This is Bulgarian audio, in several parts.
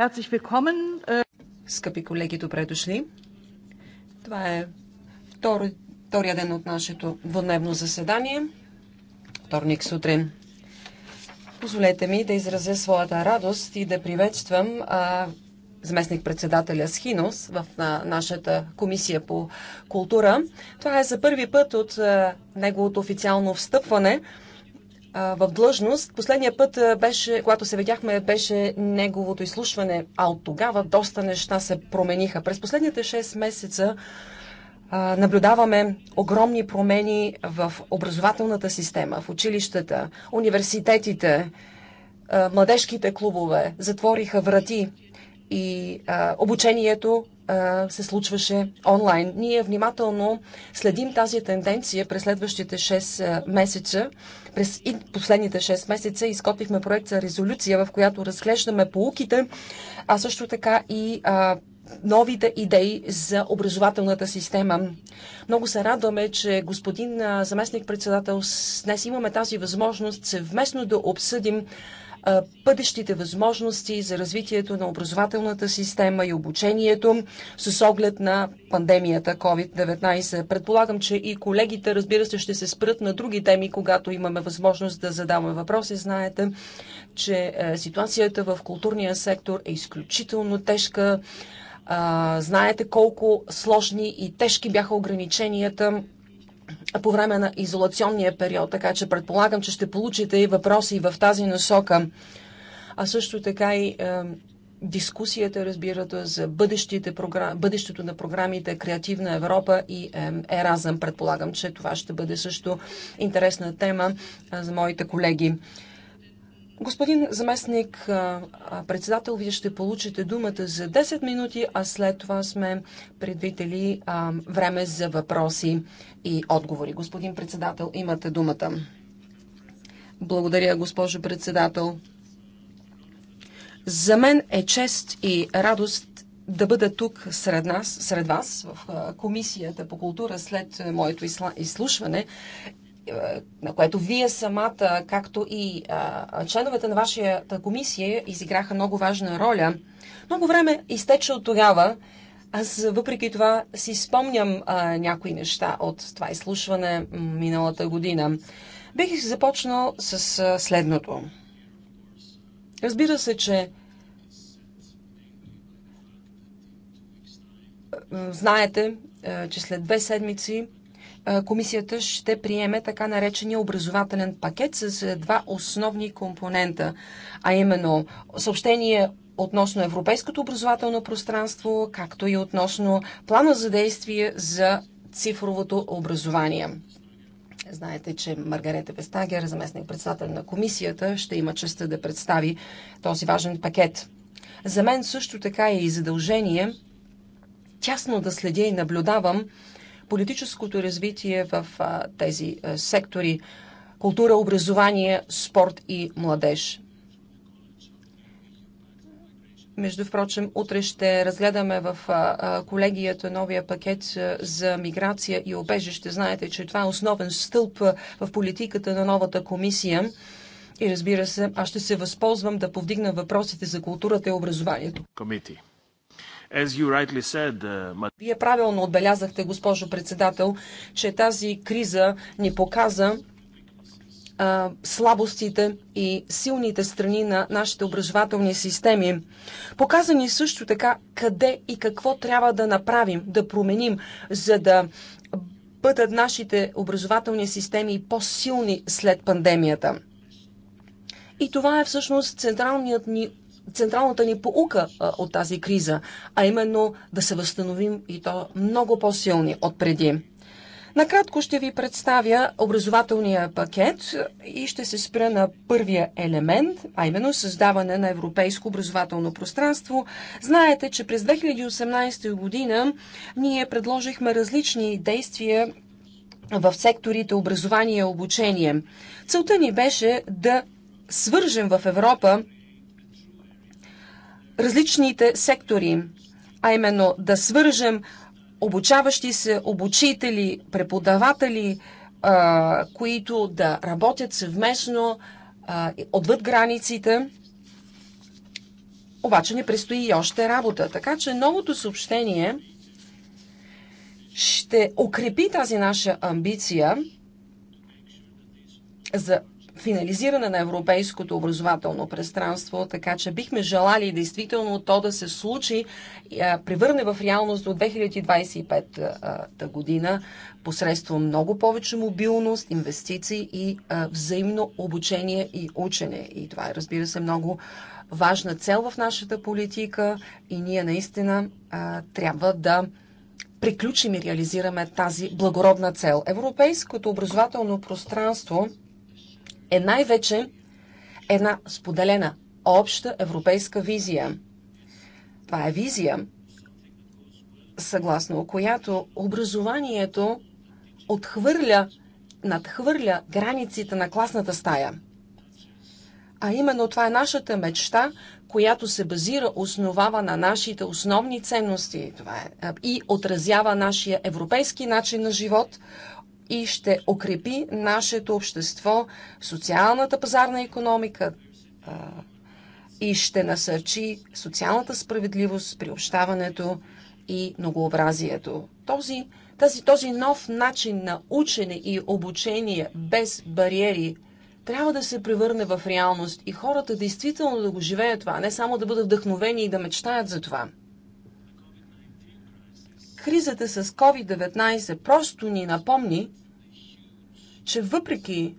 Äh, Скъпи колеги, добре дошли. Това е втори, втория ден от нашето двудневно заседание, вторник сутрин. Позволете ми да изразя своята радост и да приветствам а, заместник-председателя Схинос в нашата комисия по култура. Това е за първи път от а, неговото официално встъпване – в длъжност. Последния път, беше, когато се видяхме, беше неговото изслушване, а от тогава доста неща се промениха. През последните 6 месеца наблюдаваме огромни промени в образователната система, в училищата, университетите, младежките клубове затвориха врати и а, обучението а, се случваше онлайн. Ние внимателно следим тази тенденция през следващите 6 месеца. През и последните 6 месеца изготвихме проект за резолюция, в която разглеждаме полуките, а също така и а, новите идеи за образователната система. Много се радваме, че господин заместник-председател, днес имаме тази възможност съвместно да обсъдим бъдещите възможности за развитието на образователната система и обучението с оглед на пандемията COVID-19. Предполагам, че и колегите, разбира се, ще се спрат на други теми, когато имаме възможност да задаваме въпроси. Знаете, че е, ситуацията в културния сектор е изключително тежка. Знаете колко сложни и тежки бяха ограниченията по време на изолационния период, така че предполагам, че ще получите и въпроси в тази насока, а също така и е, дискусията, разбирате, за програм... бъдещето на програмите Креативна Европа и е, Еразъм. Предполагам, че това ще бъде също интересна тема е, за моите колеги. Господин заместник председател, вие ще получите думата за 10 минути, а след това сме предвидели време за въпроси и отговори. Господин председател, имате думата. Благодаря, госпожо председател. За мен е чест и радост да бъда тук сред нас, сред вас, в Комисията по култура след моето изслушване е, на което вие самата, както и членовете на вашата комисия, изиграха много важна роля. Много време изтече от тогава. Аз въпреки това си спомням а, някои неща от това изслушване миналата година. Бих започнал с а, следното. Разбира се, че знаете, че след две седмици комисията ще приеме така наречения образователен пакет с е, два основни компонента, а именно съобщение относно европейското образователно пространство, както и относно плана за действие за цифровото образование. Знаете, че Маргарета Вестагер, заместник председател на комисията, ще има честа да представи този важен пакет. За мен също така е и задължение тясно да следя и наблюдавам политическото развитие в тези сектори култура, образование, спорт и младеж. Между впрочем, утре ще разгледаме в колегията новия пакет за миграция и обежище. Знаете, че това е основен стълб в политиката на новата комисия. И разбира се, аз ще се възползвам да повдигна въпросите за културата и образованието. Комити. Uh, Вие правилно отбелязахте, госпожо председател, че тази криза ни показа а, слабостите и силните страни на нашите образователни системи. Показа ни също така къде и какво трябва да направим, да променим, за да бъдат нашите образователни системи по-силни след пандемията. И това е всъщност централният ни централната ни поука а, от тази криза, а именно да се възстановим и то много по-силни от преди. Накратко ще ви представя образователния пакет и ще се спра на първия елемент, а именно създаване на европейско образователно пространство. Знаете, че през 2018 година ние предложихме различни действия в секторите образование и обучение. Целта ни беше да свържем в Европа различните сектори, а именно да свържем обучаващи се обучители, преподаватели, които да работят съвместно отвъд границите. Обаче не предстои и още работа. Така че новото съобщение ще укрепи тази наша амбиция за финализиране на европейското образователно пространство, така че бихме желали действително то да се случи, превърне в реалност до 2025 година посредством много повече мобилност, инвестиции и взаимно обучение и учене. И това е, разбира се, много важна цел в нашата политика и ние наистина трябва да приключим и реализираме тази благородна цел. Европейското образователно пространство – е най-вече една споделена обща европейска визия. Това е визия, съгласно която образованието отхвърля, надхвърля границите на класната стая. А именно това е нашата мечта, която се базира, основава на нашите основни ценности това е, и отразява нашия европейски начин на живот, и ще укрепи нашето общество, социалната пазарна економика и ще насърчи социалната справедливост, приобщаването и многообразието. Този, тази, този нов начин на учене и обучение без бариери трябва да се превърне в реалност и хората действително да го живеят това, а не само да бъдат вдъхновени и да мечтаят за това кризата с COVID-19 просто ни напомни, че въпреки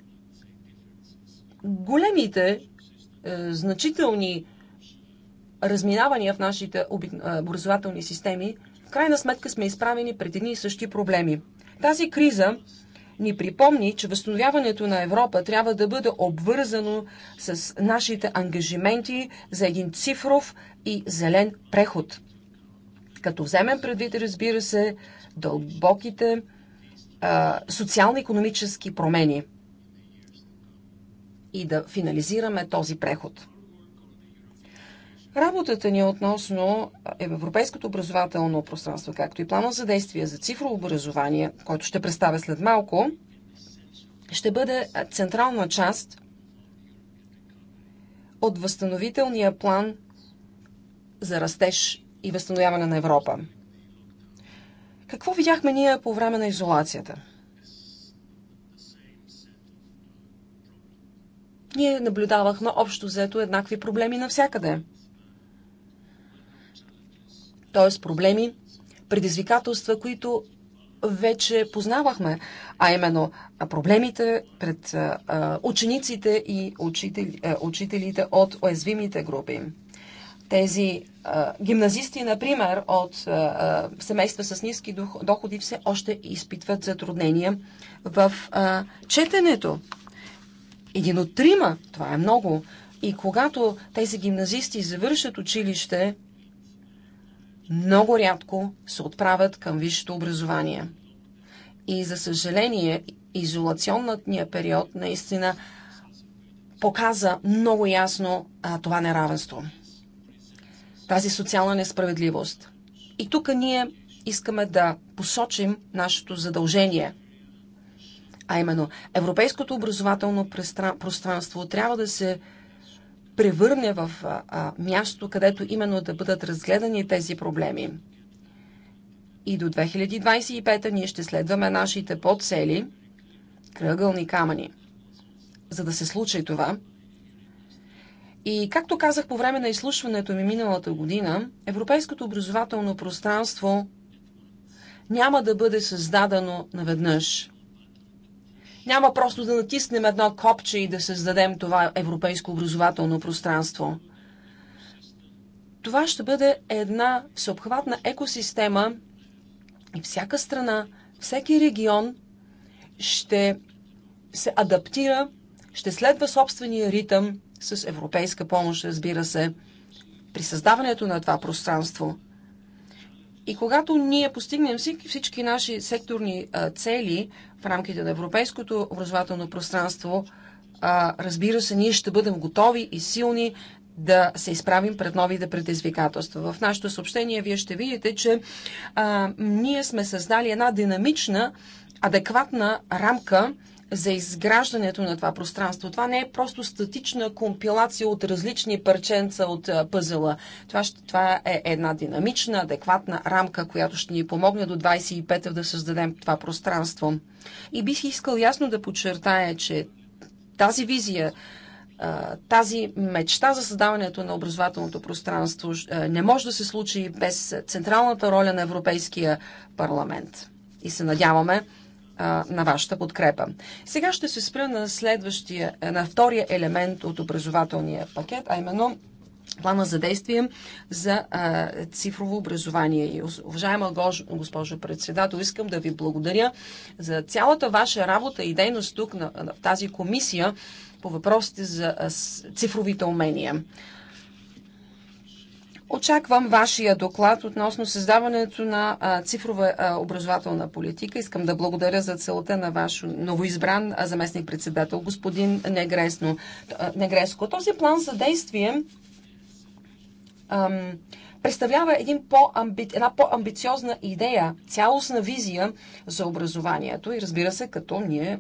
големите е, значителни разминавания в нашите е, образователни системи, в крайна сметка сме изправени пред едни и същи проблеми. Тази криза ни припомни, че възстановяването на Европа трябва да бъде обвързано с нашите ангажименти за един цифров и зелен преход като вземем предвид, разбира се, дълбоките социално-економически промени и да финализираме този преход. Работата ни относно е Европейското образователно пространство, както и плана за действие за цифрово образование, който ще представя след малко, ще бъде централна част от възстановителния план за растеж и възстановяване на Европа. Какво видяхме ние по време на изолацията? Ние наблюдавахме общо взето еднакви проблеми навсякъде. Тоест проблеми, предизвикателства, които вече познавахме, а именно проблемите пред учениците и учителите от уязвимите групи. Тези гимназисти, например, от семейства с ниски доходи все още изпитват затруднения в четенето. Един от трима, това е много. И когато тези гимназисти завършат училище, много рядко се отправят към висшето образование. И за съжаление, изолационният период наистина показа много ясно а, това неравенство тази социална несправедливост. И тук ние искаме да посочим нашето задължение. А именно, европейското образователно пространство трябва да се превърне в а, а, място, където именно да бъдат разгледани тези проблеми. И до 2025 ние ще следваме нашите подцели, кръгълни камъни. За да се случи това, и както казах по време на изслушването ми миналата година, европейското образователно пространство няма да бъде създадено наведнъж. Няма просто да натиснем едно копче и да създадем това европейско образователно пространство. Това ще бъде една всеобхватна екосистема и всяка страна, всеки регион ще се адаптира, ще следва собствения ритъм с европейска помощ, разбира се, при създаването на това пространство. И когато ние постигнем всички наши секторни цели в рамките на европейското образователно пространство, разбира се, ние ще бъдем готови и силни да се изправим пред новите предизвикателства. В нашето съобщение вие ще видите, че а, ние сме създали една динамична, адекватна рамка за изграждането на това пространство. Това не е просто статична компилация от различни парченца от пъзела. Това, ще, това е една динамична, адекватна рамка, която ще ни помогне до 25-та да създадем това пространство. И бих искал ясно да подчертая, че тази визия, тази мечта за създаването на образователното пространство не може да се случи без централната роля на Европейския парламент. И се надяваме, а, на вашата подкрепа. Сега ще се спра на следващия, на втория елемент от образователния пакет, а именно плана за действие за а, цифрово образование. И, уважаема госпожо председател, искам да ви благодаря за цялата ваша работа и дейност тук на, на, тази комисия по въпросите за а, цифровите умения. Очаквам вашия доклад относно създаването на цифрова образователна политика. Искам да благодаря за целта на ваш новоизбран заместник-председател, господин Негресно, Негреско. Този план за действие ам, представлява един по една по-амбициозна идея, цялостна визия за образованието и разбира се, като ние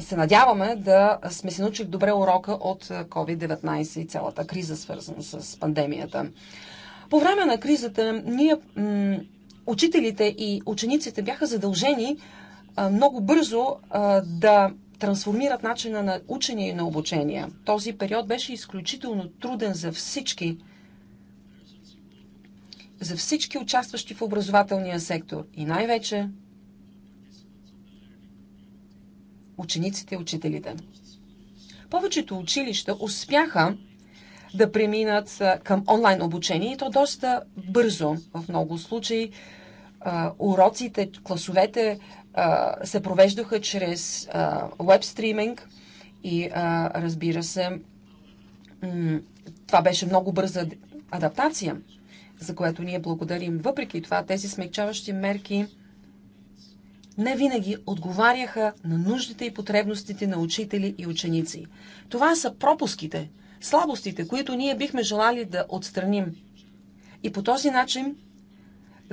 се надяваме да сме се научили добре урока от COVID-19 и цялата криза, свързана с пандемията. По време на кризата ние, учителите и учениците бяха задължени много бързо да трансформират начина на учение и на обучение. Този период беше изключително труден за всички, за всички участващи в образователния сектор и най-вече учениците и учителите. Повечето училища успяха да преминат към онлайн обучение и то доста бързо. В много случаи уроците, класовете се провеждаха чрез веб стриминг и разбира се, това беше много бърза адаптация, за което ние благодарим. Въпреки това, тези смягчаващи мерки не винаги отговаряха на нуждите и потребностите на учители и ученици. Това са пропуските, слабостите, които ние бихме желали да отстраним. И по този начин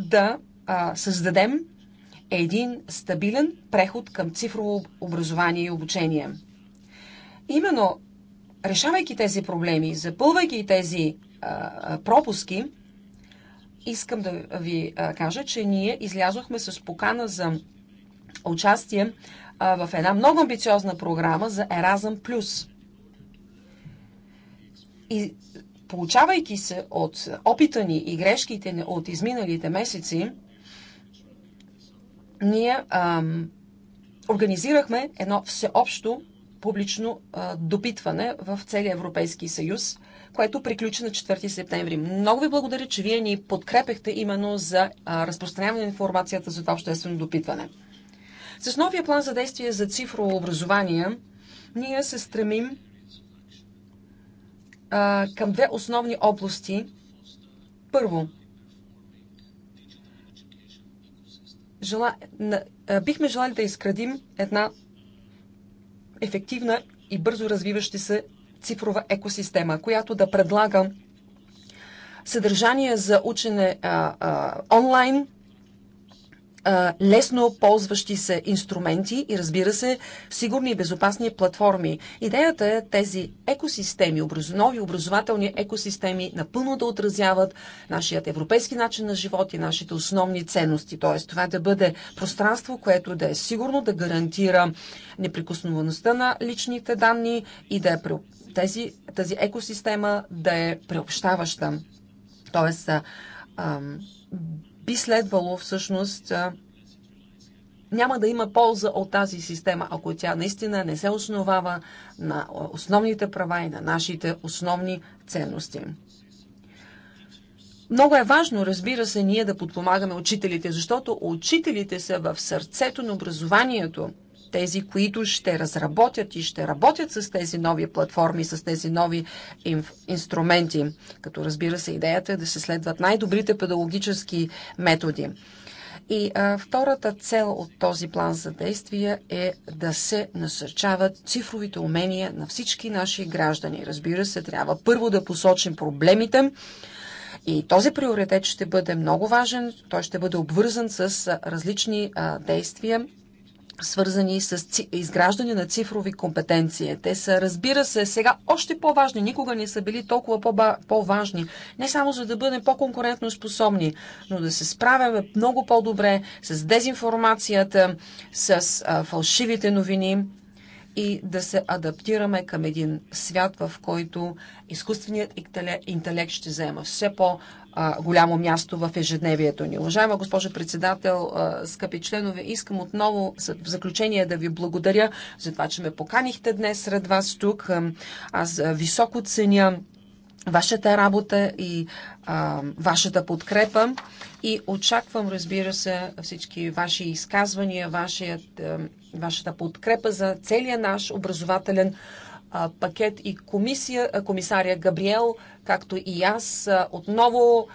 да а, създадем един стабилен преход към цифрово образование и обучение. Именно решавайки тези проблеми, запълвайки тези а, пропуски, искам да ви а, кажа, че ние излязохме с покана за участие а, в една много амбициозна програма за Еразъм Плюс. И получавайки се от опита ни и грешките от изминалите месеци, ние а, организирахме едно всеобщо публично а, допитване в целия Европейски съюз, което приключи на 4 септември. Много ви благодаря, че вие ни подкрепехте именно за а, разпространяване на информацията за това обществено допитване. С новия план за действие за цифрово образование ние се стремим а, към две основни области. Първо, жела... бихме желали да изградим една ефективна и бързо развиваща се цифрова екосистема, която да предлага съдържание за учене а, а, онлайн лесно ползващи се инструменти и разбира се, сигурни и безопасни платформи. Идеята е тези екосистеми, нови образователни екосистеми напълно да отразяват нашият европейски начин на живот и нашите основни ценности. Т.е. това да бъде пространство, което да е сигурно, да гарантира неприкосновеността на личните данни и да е тези, тази екосистема да е преобщаваща. Тоест, би следвало всъщност няма да има полза от тази система, ако тя наистина не се основава на основните права и на нашите основни ценности. Много е важно, разбира се, ние да подпомагаме учителите, защото учителите са в сърцето на образованието тези, които ще разработят и ще работят с тези нови платформи, с тези нови инструменти. Като разбира се, идеята е да се следват най-добрите педагогически методи. И а, втората цел от този план за действие е да се насърчават цифровите умения на всички наши граждани. Разбира се, трябва първо да посочим проблемите. И този приоритет ще бъде много важен. Той ще бъде обвързан с различни а, действия свързани с изграждане на цифрови компетенции. Те са, разбира се, сега още по-важни. Никога не са били толкова по-важни. Не само за да бъдем по-конкурентно способни, но да се справяме много по-добре с дезинформацията, с а, фалшивите новини и да се адаптираме към един свят, в който изкуственият интелект ще взема все по- а, голямо място в ежедневието ни. Уважаема госпожо председател, а, скъпи членове, искам отново в заключение да ви благодаря за това, че ме поканихте днес сред вас тук. Аз високо ценя вашата работа и а, вашата подкрепа и очаквам, разбира се, всички ваши изказвания, вашият, а, вашата подкрепа за целия наш образователен пакет и комисия, комисария Габриел, както и аз, отново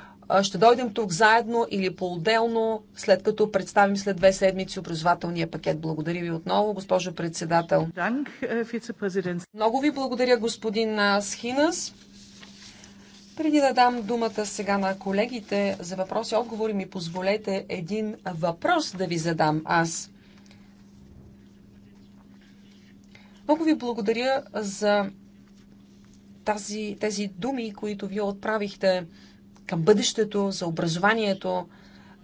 ще дойдем тук заедно или по-отделно, след като представим след две седмици образователния пакет. Благодаря ви отново, госпожо председател. Е, Много ви благодаря, господин Схинас. Преди да дам думата сега на колегите за въпроси и отговори, ми позволете един въпрос да ви задам аз. Много ви благодаря за тази, тези думи, които вие отправихте към бъдещето, за образованието,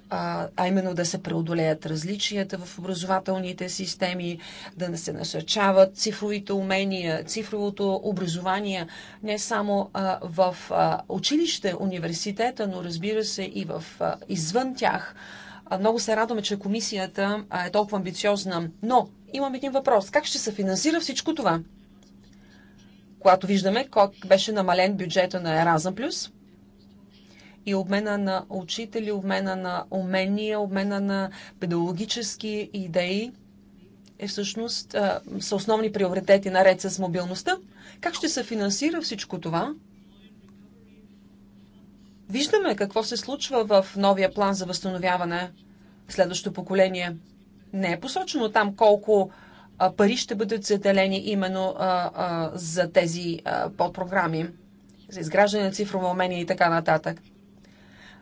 а, а именно да се преодолеят различията в образователните системи, да не се насърчават цифровите умения, цифровото образование, не само а, в а, училище, университета, но разбира се и в, а, извън тях. Много се радваме, че комисията е толкова амбициозна. Но имам един въпрос. Как ще се финансира всичко това? Когато виждаме как беше намален бюджета на Еразъм Плюс и обмена на учители, обмена на умения, обмена на педагогически идеи е всъщност са основни приоритети наред с мобилността. Как ще се финансира всичко това? Виждаме какво се случва в новия план за възстановяване следващото поколение. Не е посочено там колко пари ще бъдат заделени именно за тези подпрограми, за изграждане на цифрово умение и така нататък.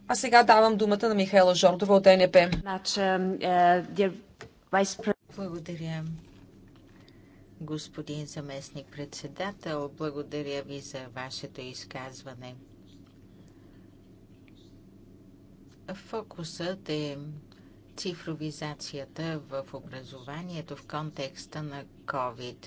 А сега давам думата на Михайла Жордова от ЕНП. Благодаря, господин заместник председател. Благодаря ви за вашето изказване. Фокусът е цифровизацията в образованието в контекста на COVID.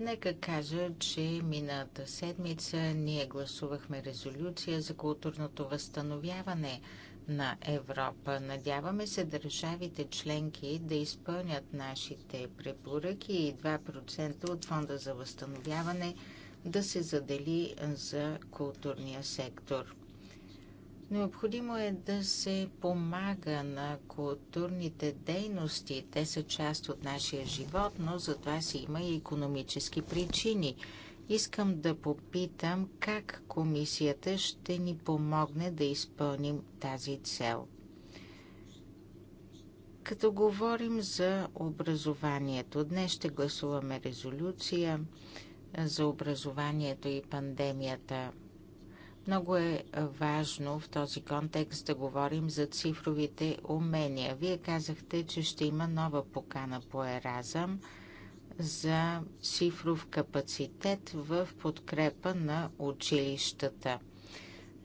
Нека кажа, че миналата седмица ние гласувахме резолюция за културното възстановяване на Европа. Надяваме се държавите членки да изпълнят нашите препоръки и 2% от фонда за възстановяване да се задели за културния сектор. Необходимо е да се помага на културните дейности. Те са част от нашия живот, но за това си има и економически причини. Искам да попитам как комисията ще ни помогне да изпълним тази цел. Като говорим за образованието, днес ще гласуваме резолюция за образованието и пандемията – много е важно в този контекст да говорим за цифровите умения. Вие казахте, че ще има нова покана по Еразъм за цифров капацитет в подкрепа на училищата.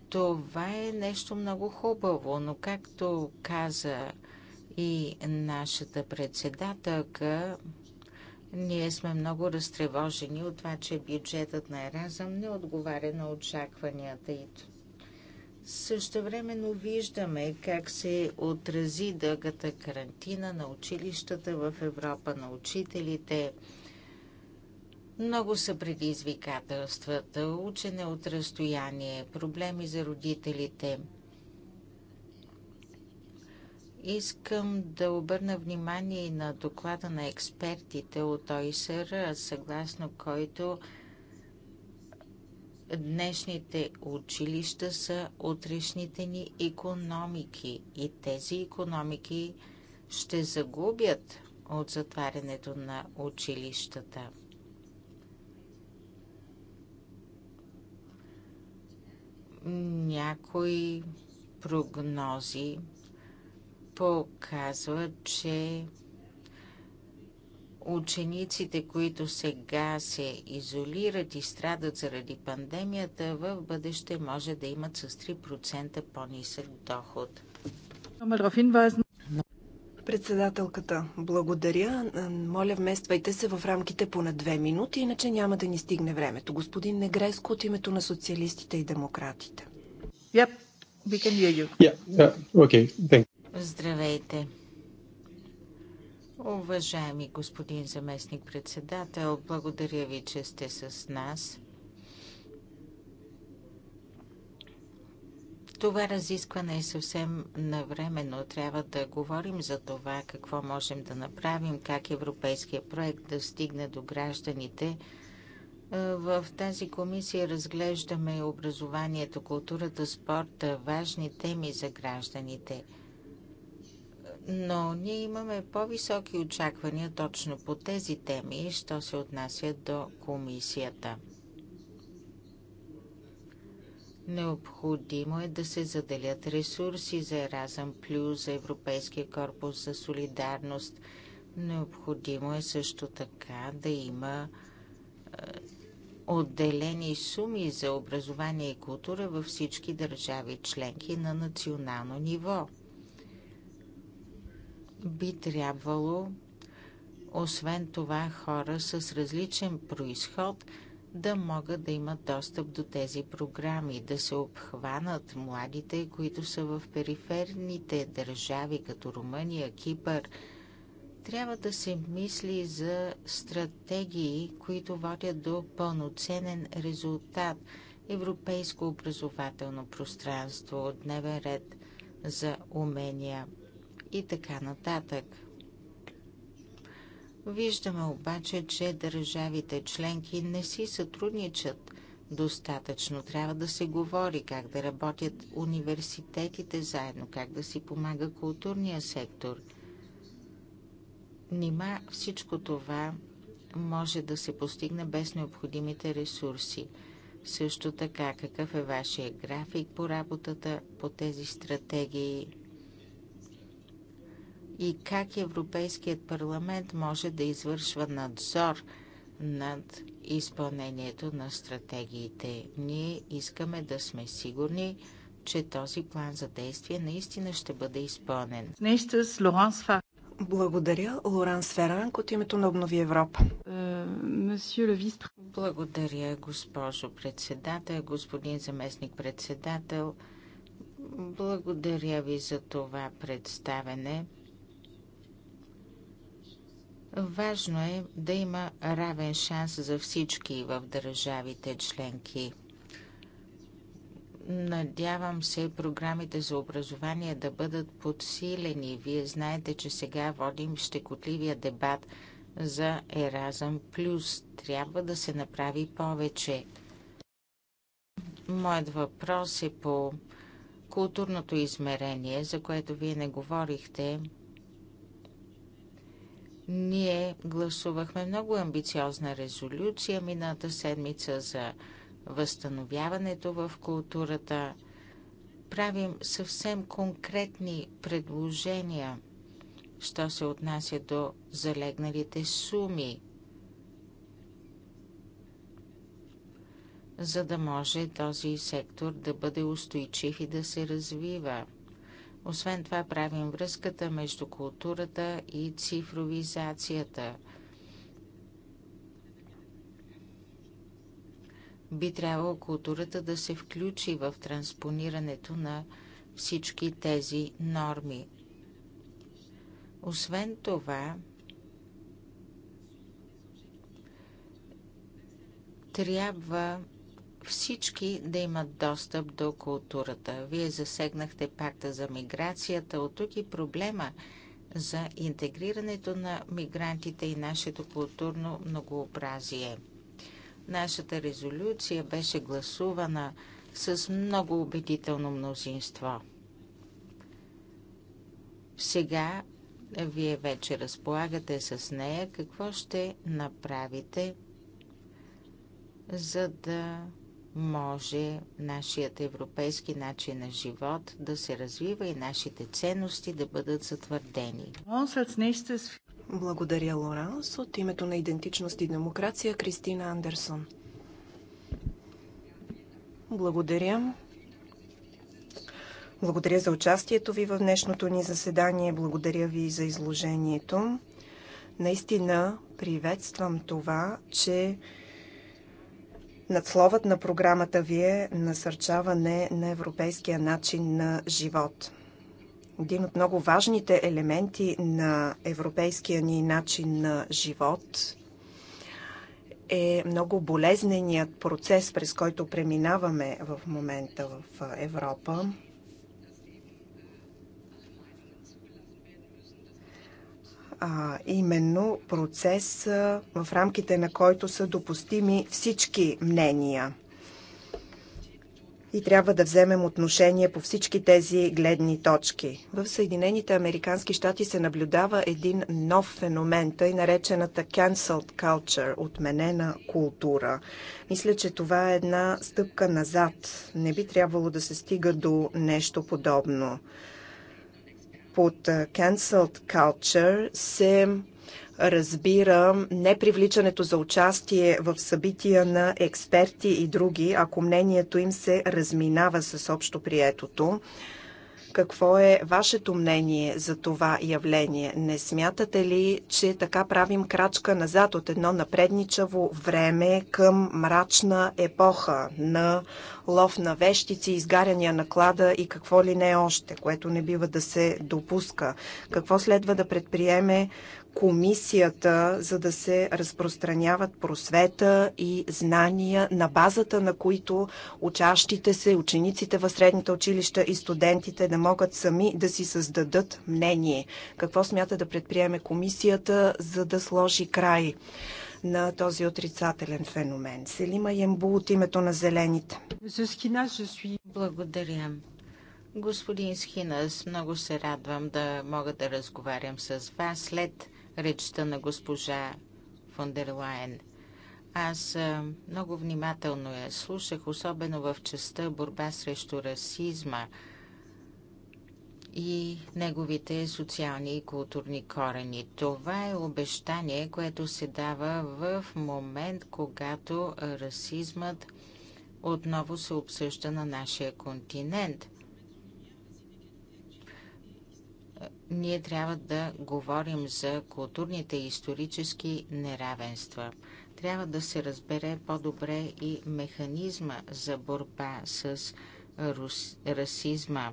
Това е нещо много хубаво, но както каза и нашата председателка, ние сме много разтревожени от това, че бюджетът на Еразъм не отговаря на очакванията и Същевременно виждаме как се отрази дългата карантина на училищата в Европа, на учителите. Много са предизвикателствата, учене от разстояние, проблеми за родителите – Искам да обърна внимание на доклада на експертите от ОИСР, съгласно който днешните училища са утрешните ни економики и тези економики ще загубят от затварянето на училищата. Някои прогнози показва, че учениците, които сега се изолират и страдат заради пандемията, в бъдеще може да имат с 3% по-нисък доход. Председателката, благодаря. Моля, вмествайте се в рамките поне две минути, иначе няма да ни стигне времето. Господин Негреско от името на социалистите и демократите. Yep, we can hear you. Yeah, uh, okay, thank Здравейте! Уважаеми господин заместник-председател, благодаря ви, че сте с нас. Това разискване е съвсем навременно. Трябва да говорим за това какво можем да направим, как европейския проект да стигне до гражданите. В тази комисия разглеждаме образованието, културата, спорта, важни теми за гражданите – но ние имаме по-високи очаквания точно по тези теми, що се отнася до комисията. Необходимо е да се заделят ресурси за Еразъм Плюс, за Европейския корпус за солидарност. Необходимо е също така да има е, отделени суми за образование и култура във всички държави членки на национално ниво би трябвало, освен това, хора с различен происход да могат да имат достъп до тези програми, да се обхванат младите, които са в периферните държави, като Румъния, Кипър. Трябва да се мисли за стратегии, които водят до пълноценен резултат. Европейско образователно пространство, дневен ред за умения – и така нататък. Виждаме обаче, че държавите членки не си сътрудничат достатъчно. Трябва да се говори как да работят университетите заедно, как да си помага културния сектор. Нима всичко това може да се постигне без необходимите ресурси. Също така, какъв е вашия график по работата по тези стратегии? и как Европейският парламент може да извършва надзор над изпълнението на стратегиите. Ние искаме да сме сигурни, че този план за действие наистина ще бъде изпълнен. Благодаря, Лоран Сферанк от името на Обнови Европа. Е, Благодаря, госпожо председател, господин заместник председател. Благодаря ви за това представене. Важно е да има равен шанс за всички в държавите членки. Надявам се програмите за образование да бъдат подсилени. Вие знаете, че сега водим щекотливия дебат за Еразъм Плюс. Трябва да се направи повече. Моят въпрос е по културното измерение, за което вие не говорихте. Ние гласувахме много амбициозна резолюция мината седмица за възстановяването в културата. Правим съвсем конкретни предложения, що се отнася до залегналите суми, за да може този сектор да бъде устойчив и да се развива. Освен това правим връзката между културата и цифровизацията. Би трябвало културата да се включи в транспонирането на всички тези норми. Освен това, трябва всички да имат достъп до културата. Вие засегнахте пакта за миграцията, от тук и проблема за интегрирането на мигрантите и нашето културно многообразие. Нашата резолюция беше гласувана с много убедително мнозинство. Сега вие вече разполагате с нея. Какво ще направите, за да може нашият европейски начин на живот да се развива и нашите ценности да бъдат затвърдени. Благодаря, Лоранс. От името на Идентичност и демокрация Кристина Андерсон. Благодаря. Благодаря за участието ви в днешното ни заседание. Благодаря ви за изложението. Наистина приветствам това, че Надсловът на програмата ви е насърчаване на европейския начин на живот. Един от много важните елементи на европейския ни начин на живот е много болезненият процес, през който преминаваме в момента в Европа. а именно процес в рамките на който са допустими всички мнения. И трябва да вземем отношение по всички тези гледни точки. В Съединените Американски щати се наблюдава един нов феномен, тъй наречената cancelled culture, отменена култура. Мисля, че това е една стъпка назад. Не би трябвало да се стига до нещо подобно под cancelled culture се разбира непривличането за участие в събития на експерти и други, ако мнението им се разминава с общоприетото, какво е вашето мнение за това явление? Не смятате ли, че така правим крачка назад от едно напредничаво време към мрачна епоха на лов на вещици, изгаряния на клада и какво ли не още, което не бива да се допуска? Какво следва да предприеме комисията, за да се разпространяват просвета и знания, на базата на които учащите се, учениците в средните училища и студентите да могат сами да си създадат мнение. Какво смята да предприеме комисията, за да сложи край на този отрицателен феномен? Селима Ембу от името на Зелените. Благодаря. Господин Схинас, много се радвам да мога да разговарям с вас след речта на госпожа Фондерлайн. Аз много внимателно я слушах, особено в частта борба срещу расизма и неговите социални и културни корени. Това е обещание, което се дава в момент, когато расизмът отново се обсъжда на нашия континент. ние трябва да говорим за културните и исторически неравенства. Трябва да се разбере по-добре и механизма за борба с рус... расизма.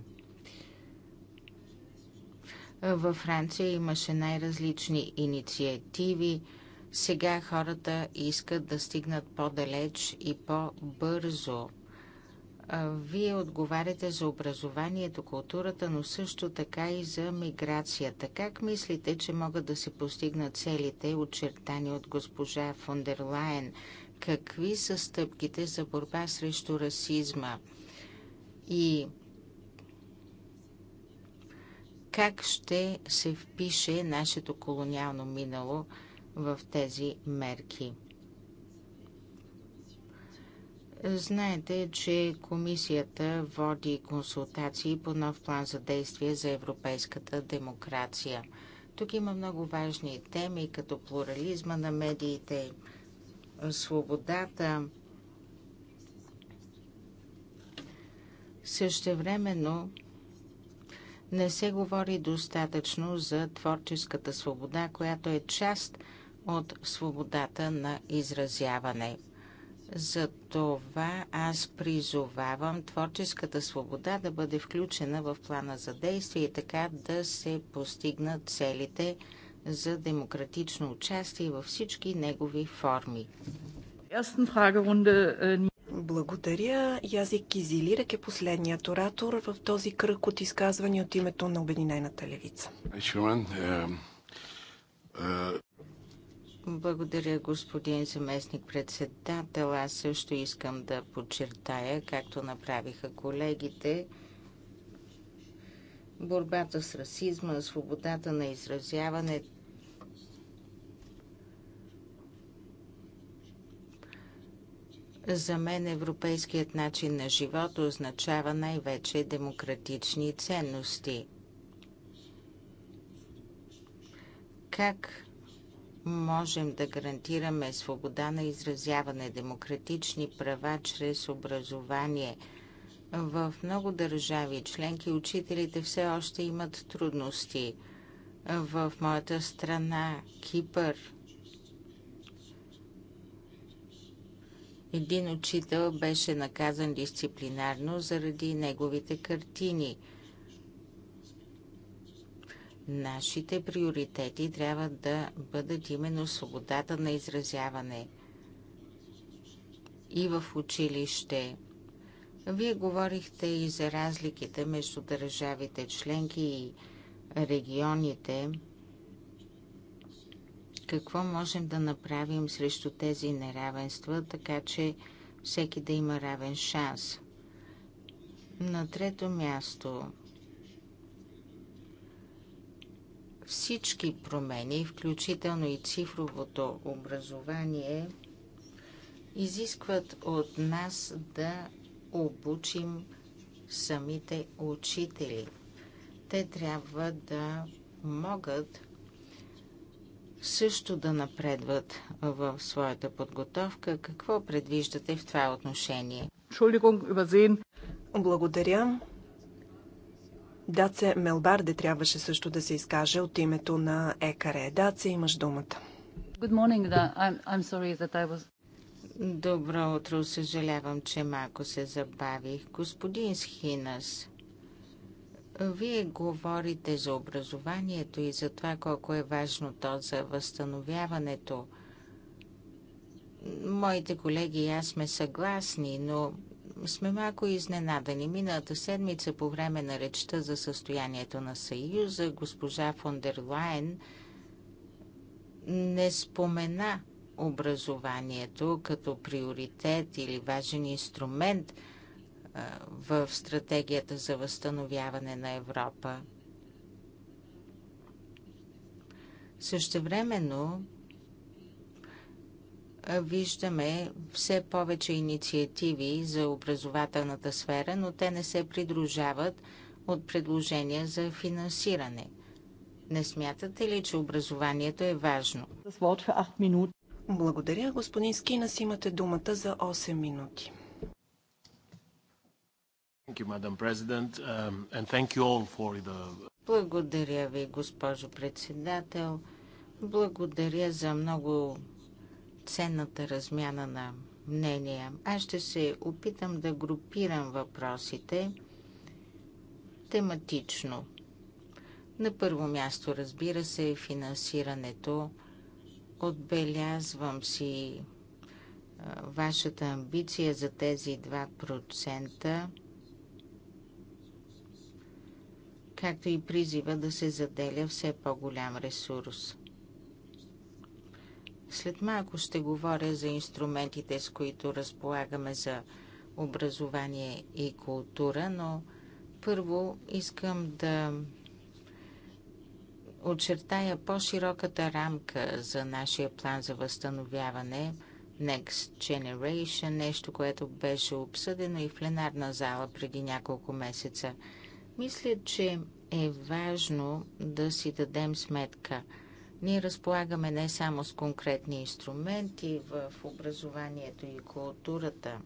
Във Франция имаше най-различни инициативи. Сега хората искат да стигнат по-далеч и по-бързо. Вие отговаряте за образованието, културата, но също така и за миграцията. Как мислите, че могат да се постигнат целите, очертани от госпожа Фондерлайн? Какви са стъпките за борба срещу расизма? И как ще се впише нашето колониално минало в тези мерки? Знаете, че комисията води консултации по нов план за действие за европейската демокрация. Тук има много важни теми, като плурализма на медиите, свободата. Същевременно не се говори достатъчно за творческата свобода, която е част от свободата на изразяване – затова аз призовавам творческата свобода да бъде включена в плана за действие и така да се постигнат целите за демократично участие във всички негови форми. Äh, Благодаря. Язик Кизилирък е последният оратор в този кръг от изказвания от името на Обединената левица. Благодаря, господин заместник председател. Аз също искам да подчертая, както направиха колегите, борбата с расизма, свободата на изразяване. За мен европейският начин на живот означава най-вече демократични ценности. Как можем да гарантираме свобода на изразяване, демократични права чрез образование. В много държави членки учителите все още имат трудности. В моята страна, Кипър, един учител беше наказан дисциплинарно заради неговите картини – Нашите приоритети трябва да бъдат именно свободата на изразяване и в училище. Вие говорихте и за разликите между държавите членки и регионите. Какво можем да направим срещу тези неравенства, така че всеки да има равен шанс? На трето място Всички промени, включително и цифровото образование, изискват от нас да обучим самите учители. Те трябва да могат също да напредват в своята подготовка. Какво предвиждате в това отношение? Благодаря. Даце Мелбарде трябваше също да се изкаже от името на ЕКАРЕ. Даце, имаш думата. Good morning, I'm, I'm sorry that I was... Добро утро, съжалявам, че малко се забавих. Господин Схинас, вие говорите за образованието и за това колко е важно то за възстановяването. Моите колеги и аз сме съгласни, но сме малко изненадани. Миналата седмица по време на речта за състоянието на Съюза, госпожа дер Лайн не спомена образованието като приоритет или важен инструмент в стратегията за възстановяване на Европа. Същевременно, виждаме все повече инициативи за образователната сфера, но те не се придружават от предложения за финансиране. Не смятате ли, че образованието е важно? Благодаря. Господин Скинас, имате думата за 8 минути. Um, Благодаря ви, госпожо председател. Благодаря за много ценната размяна на мнения. Аз ще се опитам да групирам въпросите тематично. На първо място, разбира се, е финансирането. Отбелязвам си вашата амбиция за тези 2%, както и призива да се заделя все по-голям ресурс. След малко ще говоря за инструментите, с които разполагаме за образование и култура, но първо искам да очертая по-широката рамка за нашия план за възстановяване Next Generation, нещо, което беше обсъдено и в пленарна зала преди няколко месеца. Мисля, че е важно да си дадем сметка – ние разполагаме не само с конкретни инструменти в образованието и културата.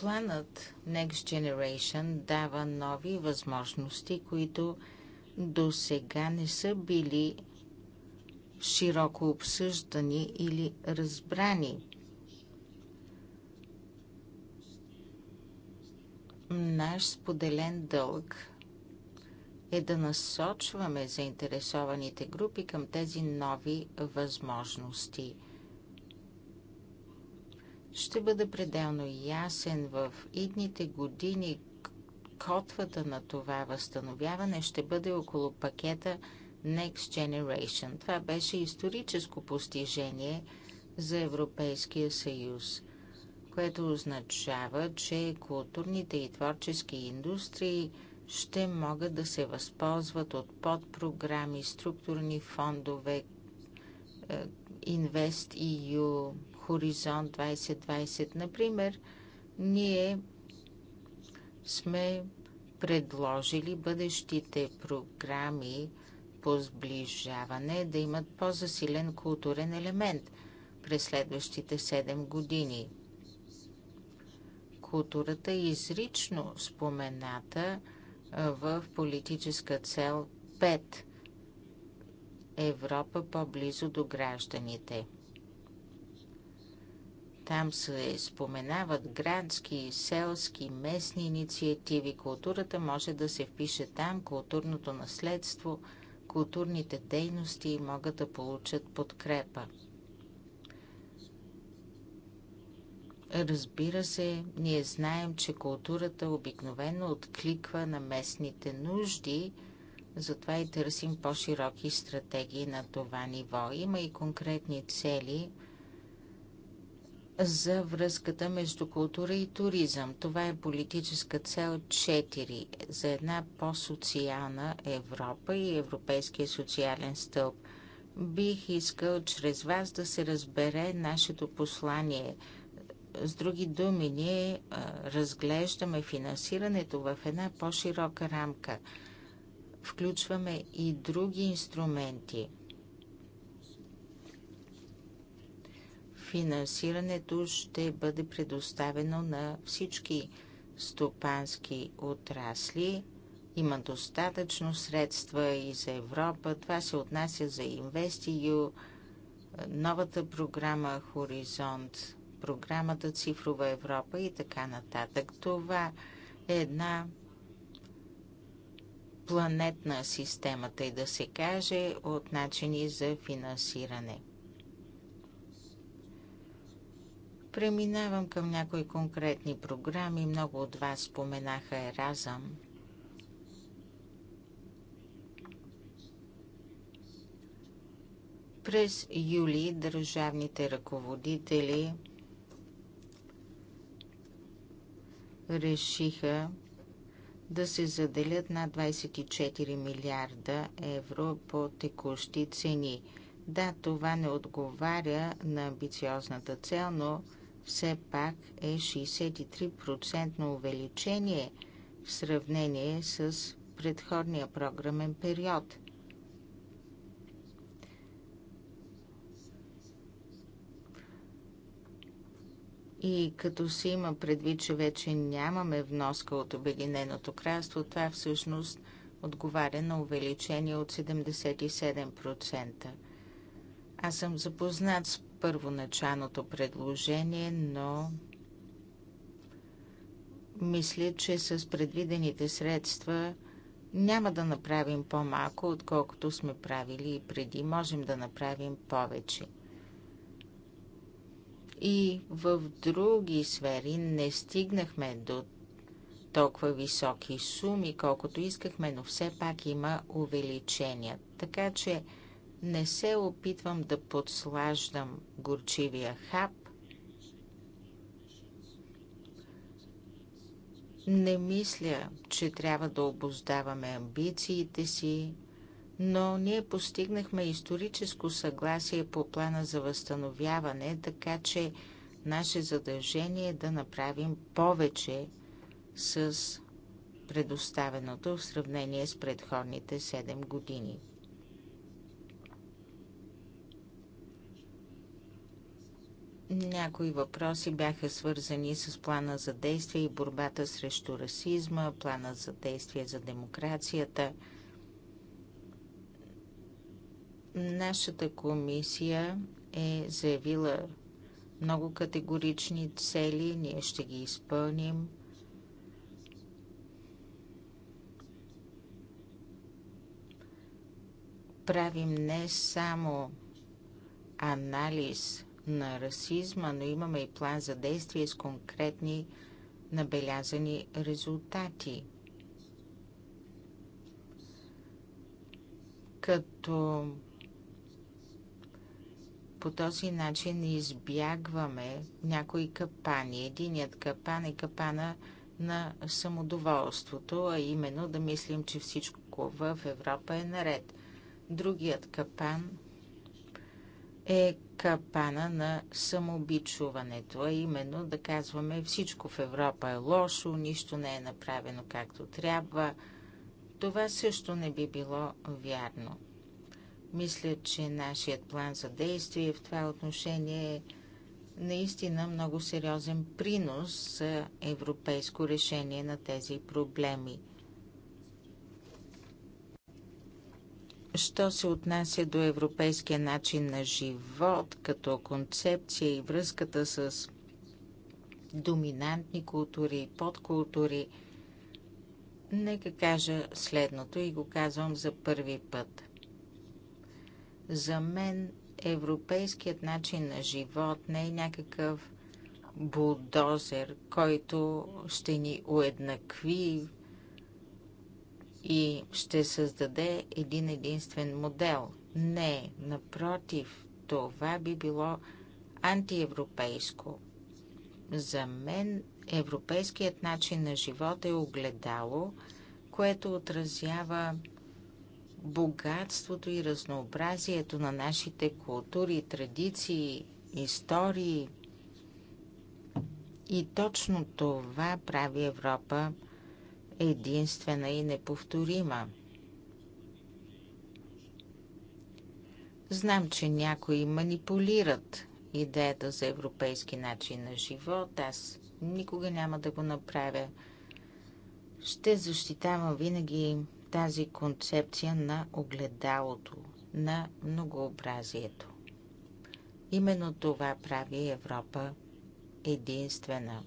Планът Next Generation дава нови възможности, които до сега не са били широко обсъждани или разбрани. Наш споделен дълг – е да насочваме заинтересованите групи към тези нови възможности. Ще бъда пределно ясен в идните години котвата на това възстановяване ще бъде около пакета Next Generation. Това беше историческо постижение за Европейския съюз, което означава, че културните и творчески индустрии – ще могат да се възползват от подпрограми, структурни фондове, Инвест EU, Хоризонт 2020. Например, ние сме предложили бъдещите програми по сближаване да имат по-засилен културен елемент през следващите 7 години. Културата е изрично спомената – в политическа цел 5 Европа по-близо до гражданите. Там се споменават градски, селски, местни инициативи. Културата може да се впише там, културното наследство, културните дейности могат да получат подкрепа. Разбира се, ние знаем, че културата обикновено откликва на местните нужди, затова и търсим по-широки стратегии на това ниво. Има и конкретни цели за връзката между култура и туризъм. Това е политическа цел 4 за една по-социална Европа и Европейския социален стълб. Бих искал чрез вас да се разбере нашето послание – с други думи, ние разглеждаме финансирането в една по-широка рамка. Включваме и други инструменти. Финансирането ще бъде предоставено на всички стопански отрасли. Има достатъчно средства и за Европа. Това се отнася за Investiю, новата програма Хоризонт програмата Цифрова Европа и така нататък. Това е една планетна системата и да се каже от начини за финансиране. Преминавам към някои конкретни програми. Много от вас споменаха Еразъм. През юли държавните ръководители – решиха да се заделят над 24 милиарда евро по текущи цени. Да, това не отговаря на амбициозната цел, но все пак е 63% увеличение в сравнение с предходния програмен период. И като се има предвид, че вече нямаме вноска от Обединеното кралство, това всъщност отговаря на увеличение от 77%. Аз съм запознат с първоначалното предложение, но мисля, че с предвидените средства няма да направим по-малко, отколкото сме правили и преди. Можем да направим повече и в други сфери не стигнахме до толкова високи суми, колкото искахме, но все пак има увеличения. Така че не се опитвам да подслаждам горчивия хап. Не мисля, че трябва да обоздаваме амбициите си но ние постигнахме историческо съгласие по плана за възстановяване, така че наше задължение е да направим повече с предоставеното в сравнение с предходните 7 години. Някои въпроси бяха свързани с плана за действие и борбата срещу расизма, плана за действие за демокрацията – Нашата комисия е заявила много категорични цели, ние ще ги изпълним. Правим не само анализ на расизма, но имаме и план за действие с конкретни набелязани резултати. Като по този начин избягваме някои капани. Единият капан е капана на самодоволството, а именно да мислим, че всичко в Европа е наред. Другият капан е капана на самобичуването, а именно да казваме всичко в Европа е лошо, нищо не е направено както трябва. Това също не би било вярно. Мисля, че нашият план за действие в това отношение е наистина много сериозен принос за европейско решение на тези проблеми. Що се отнася до европейския начин на живот като концепция и връзката с доминантни култури и подкултури, нека кажа следното и го казвам за първи път – за мен европейският начин на живот не е някакъв булдозер, който ще ни уеднакви и ще създаде един единствен модел. Не, напротив, това би било антиевропейско. За мен европейският начин на живот е огледало, което отразява богатството и разнообразието на нашите култури, традиции, истории. И точно това прави Европа единствена и неповторима. Знам, че някои манипулират идеята за европейски начин на живот. Аз никога няма да го направя. Ще защитавам винаги тази концепция на огледалото, на многообразието. Именно това прави Европа единствена.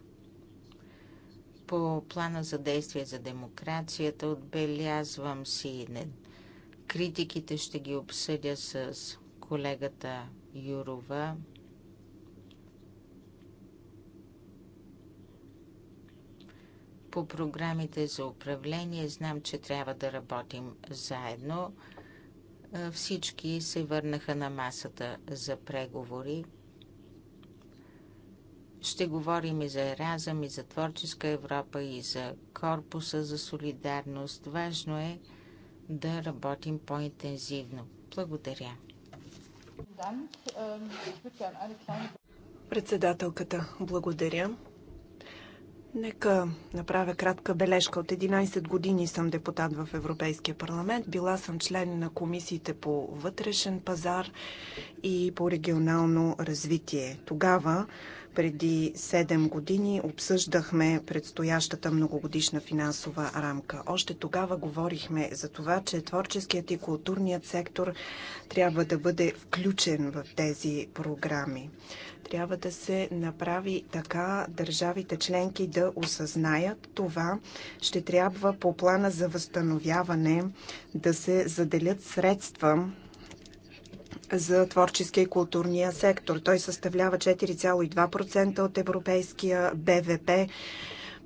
По плана за действие за демокрацията отбелязвам си критиките, ще ги обсъдя с колегата Юрова. по програмите за управление. Знам, че трябва да работим заедно. Всички се върнаха на масата за преговори. Ще говорим и за Еразъм, и за Творческа Европа, и за Корпуса за солидарност. Важно е да работим по-интензивно. Благодаря. Ehm, Председателката, благодаря. Нека направя кратка бележка. От 11 години съм депутат в Европейския парламент. Била съм член на комисиите по вътрешен пазар и по регионално развитие. Тогава, преди 7 години, обсъждахме предстоящата многогодишна финансова рамка. Още тогава говорихме за това, че творческият и културният сектор трябва да бъде включен в тези програми. Трябва да се направи така държавите членки да осъзнаят това. Ще трябва по плана за възстановяване да се заделят средства за творческия и културния сектор. Той съставлява 4,2% от европейския БВП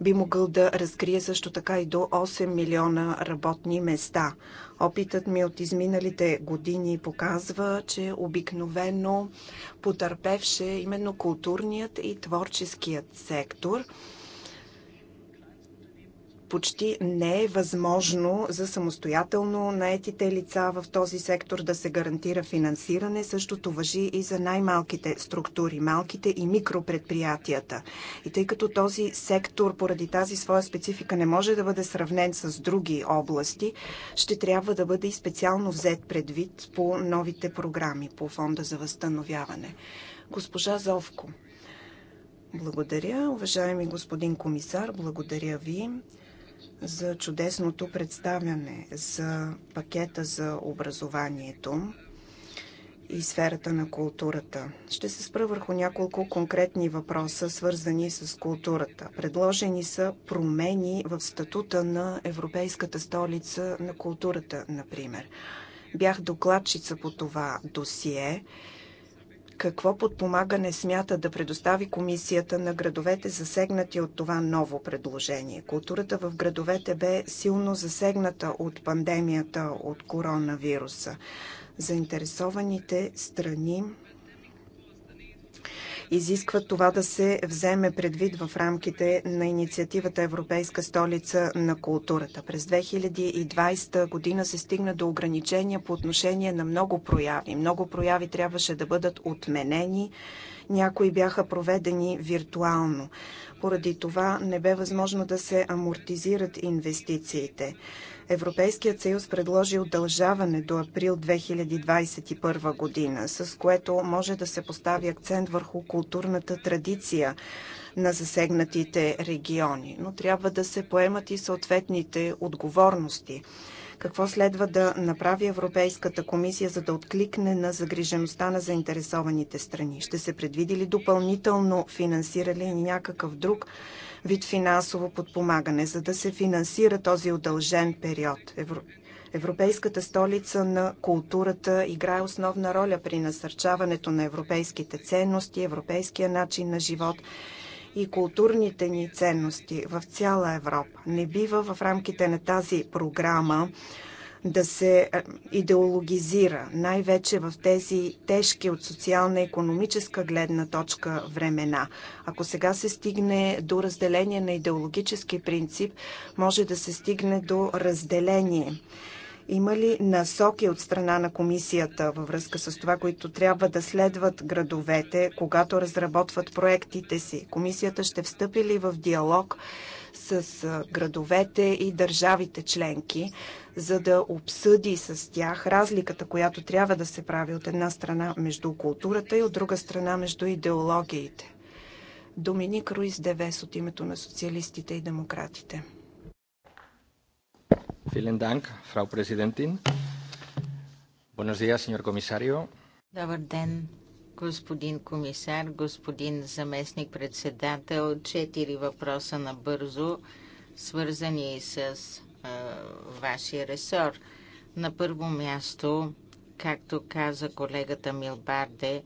би могъл да разкрие също така и до 8 милиона работни места. Опитът ми от изминалите години показва, че обикновено потърпевше именно културният и творческият сектор – почти не е възможно за самостоятелно наетите лица в този сектор да се гарантира финансиране. Същото въжи и за най-малките структури, малките и микропредприятията. И тъй като този сектор поради тази своя специфика не може да бъде сравнен с други области, ще трябва да бъде и специално взет предвид по новите програми по Фонда за възстановяване. Госпожа Зовко. Благодаря, уважаеми господин комисар, благодаря ви за чудесното представяне за пакета за образованието и сферата на културата. Ще се спра върху няколко конкретни въпроса, свързани с културата. Предложени са промени в статута на Европейската столица на културата, например. Бях докладчица по това досие какво подпомагане смята да предостави комисията на градовете засегнати от това ново предложение? Културата в градовете бе силно засегната от пандемията от коронавируса. Заинтересованите страни изискват това да се вземе предвид в рамките на инициативата Европейска столица на културата. През 2020 година се стигна до ограничения по отношение на много прояви. Много прояви трябваше да бъдат отменени някои бяха проведени виртуално. Поради това не бе възможно да се амортизират инвестициите. Европейският съюз предложи удължаване до април 2021 година, с което може да се постави акцент върху културната традиция на засегнатите региони, но трябва да се поемат и съответните отговорности какво следва да направи Европейската комисия, за да откликне на загрижеността на заинтересованите страни? Ще се предвиди ли допълнително финансиране или някакъв друг вид финансово подпомагане, за да се финансира този удължен период? Европейската столица на културата играе основна роля при насърчаването на европейските ценности, европейския начин на живот и културните ни ценности в цяла Европа. Не бива в рамките на тази програма да се е, идеологизира, най-вече в тези тежки от социална и економическа гледна точка времена. Ако сега се стигне до разделение на идеологически принцип, може да се стигне до разделение има ли насоки от страна на комисията във връзка с това, които трябва да следват градовете, когато разработват проектите си? Комисията ще встъпи ли в диалог с градовете и държавите членки, за да обсъди с тях разликата, която трябва да се прави от една страна между културата и от друга страна между идеологиите? Доминик Руис Девес от името на социалистите и демократите. Vielen Dank, Frau Präsidentin. Buenos días, señor Добър ден, господин комисар, господин заместник председател. Четири въпроса на бързо, свързани с вашия ресор. На първо място, както каза колегата Милбарде,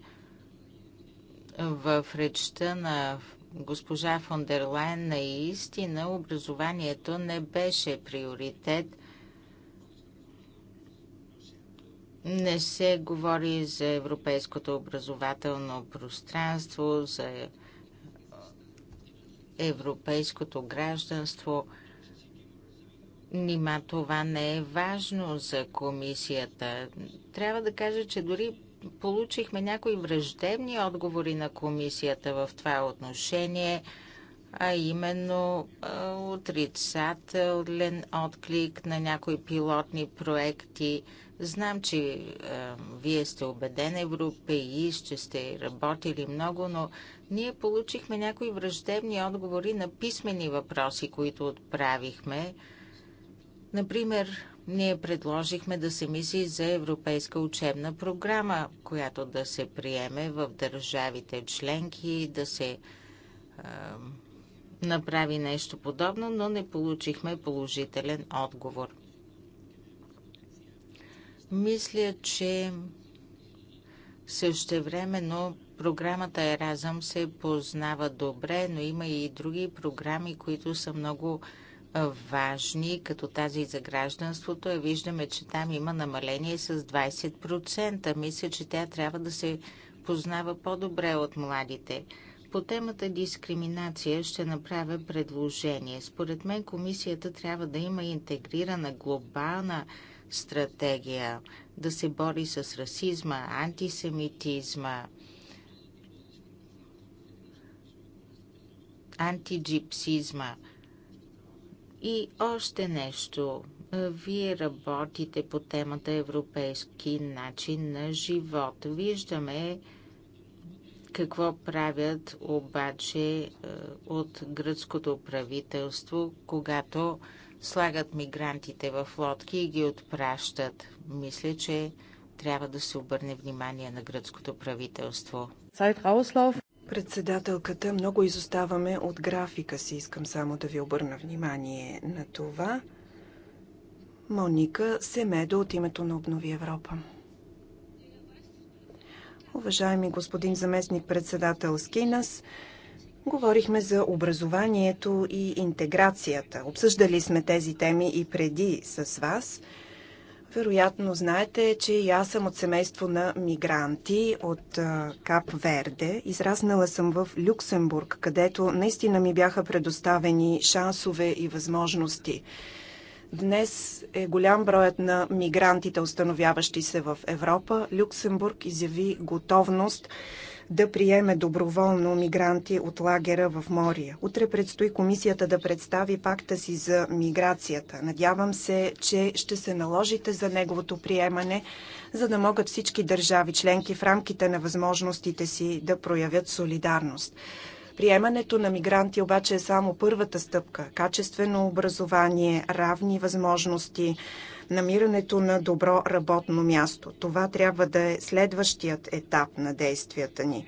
в речта на госпожа Фон Лайн, наистина образованието не беше приоритет. Не се говори за европейското образователно пространство, за европейското гражданство. Нима това не е важно за комисията. Трябва да кажа, че дори получихме някои враждебни отговори на комисията в това отношение, а именно отрицателен отклик на някои пилотни проекти. Знам, че вие сте убеден европеист, че сте работили много, но ние получихме някои враждебни отговори на писмени въпроси, които отправихме. Например, ние предложихме да се мисли за европейска учебна програма, която да се приеме в държавите членки, да се е, направи нещо подобно, но не получихме положителен отговор. Мисля, че същевременно програмата Еразъм се познава добре, но има и други програми, които са много важни, като тази за гражданството, е виждаме, че там има намаление с 20%. Мисля, че тя трябва да се познава по-добре от младите. По темата дискриминация ще направя предложение. Според мен комисията трябва да има интегрирана глобална стратегия, да се бори с расизма, антисемитизма, антиджипсизма – и още нещо. Вие работите по темата Европейски начин на живот. Виждаме какво правят обаче от гръцкото правителство, когато слагат мигрантите в лодки и ги отпращат. Мисля, че трябва да се обърне внимание на гръцкото правителство. Сайт Рауслав. Председателката, много изоставаме от графика си. Искам само да ви обърна внимание на това. Моника Семедо от името на Обнови Европа. Уважаеми господин заместник председател Скинас, Говорихме за образованието и интеграцията. Обсъждали сме тези теми и преди с вас. Вероятно знаете, че и аз съм от семейство на мигранти от Кап Верде. Израснала съм в Люксембург, където наистина ми бяха предоставени шансове и възможности. Днес е голям броят на мигрантите, установяващи се в Европа. Люксембург изяви готовност да приеме доброволно мигранти от лагера в Мория. Утре предстои комисията да представи пакта си за миграцията. Надявам се, че ще се наложите за неговото приемане, за да могат всички държави членки в рамките на възможностите си да проявят солидарност. Приемането на мигранти обаче е само първата стъпка. Качествено образование, равни възможности, намирането на добро работно място. Това трябва да е следващият етап на действията ни.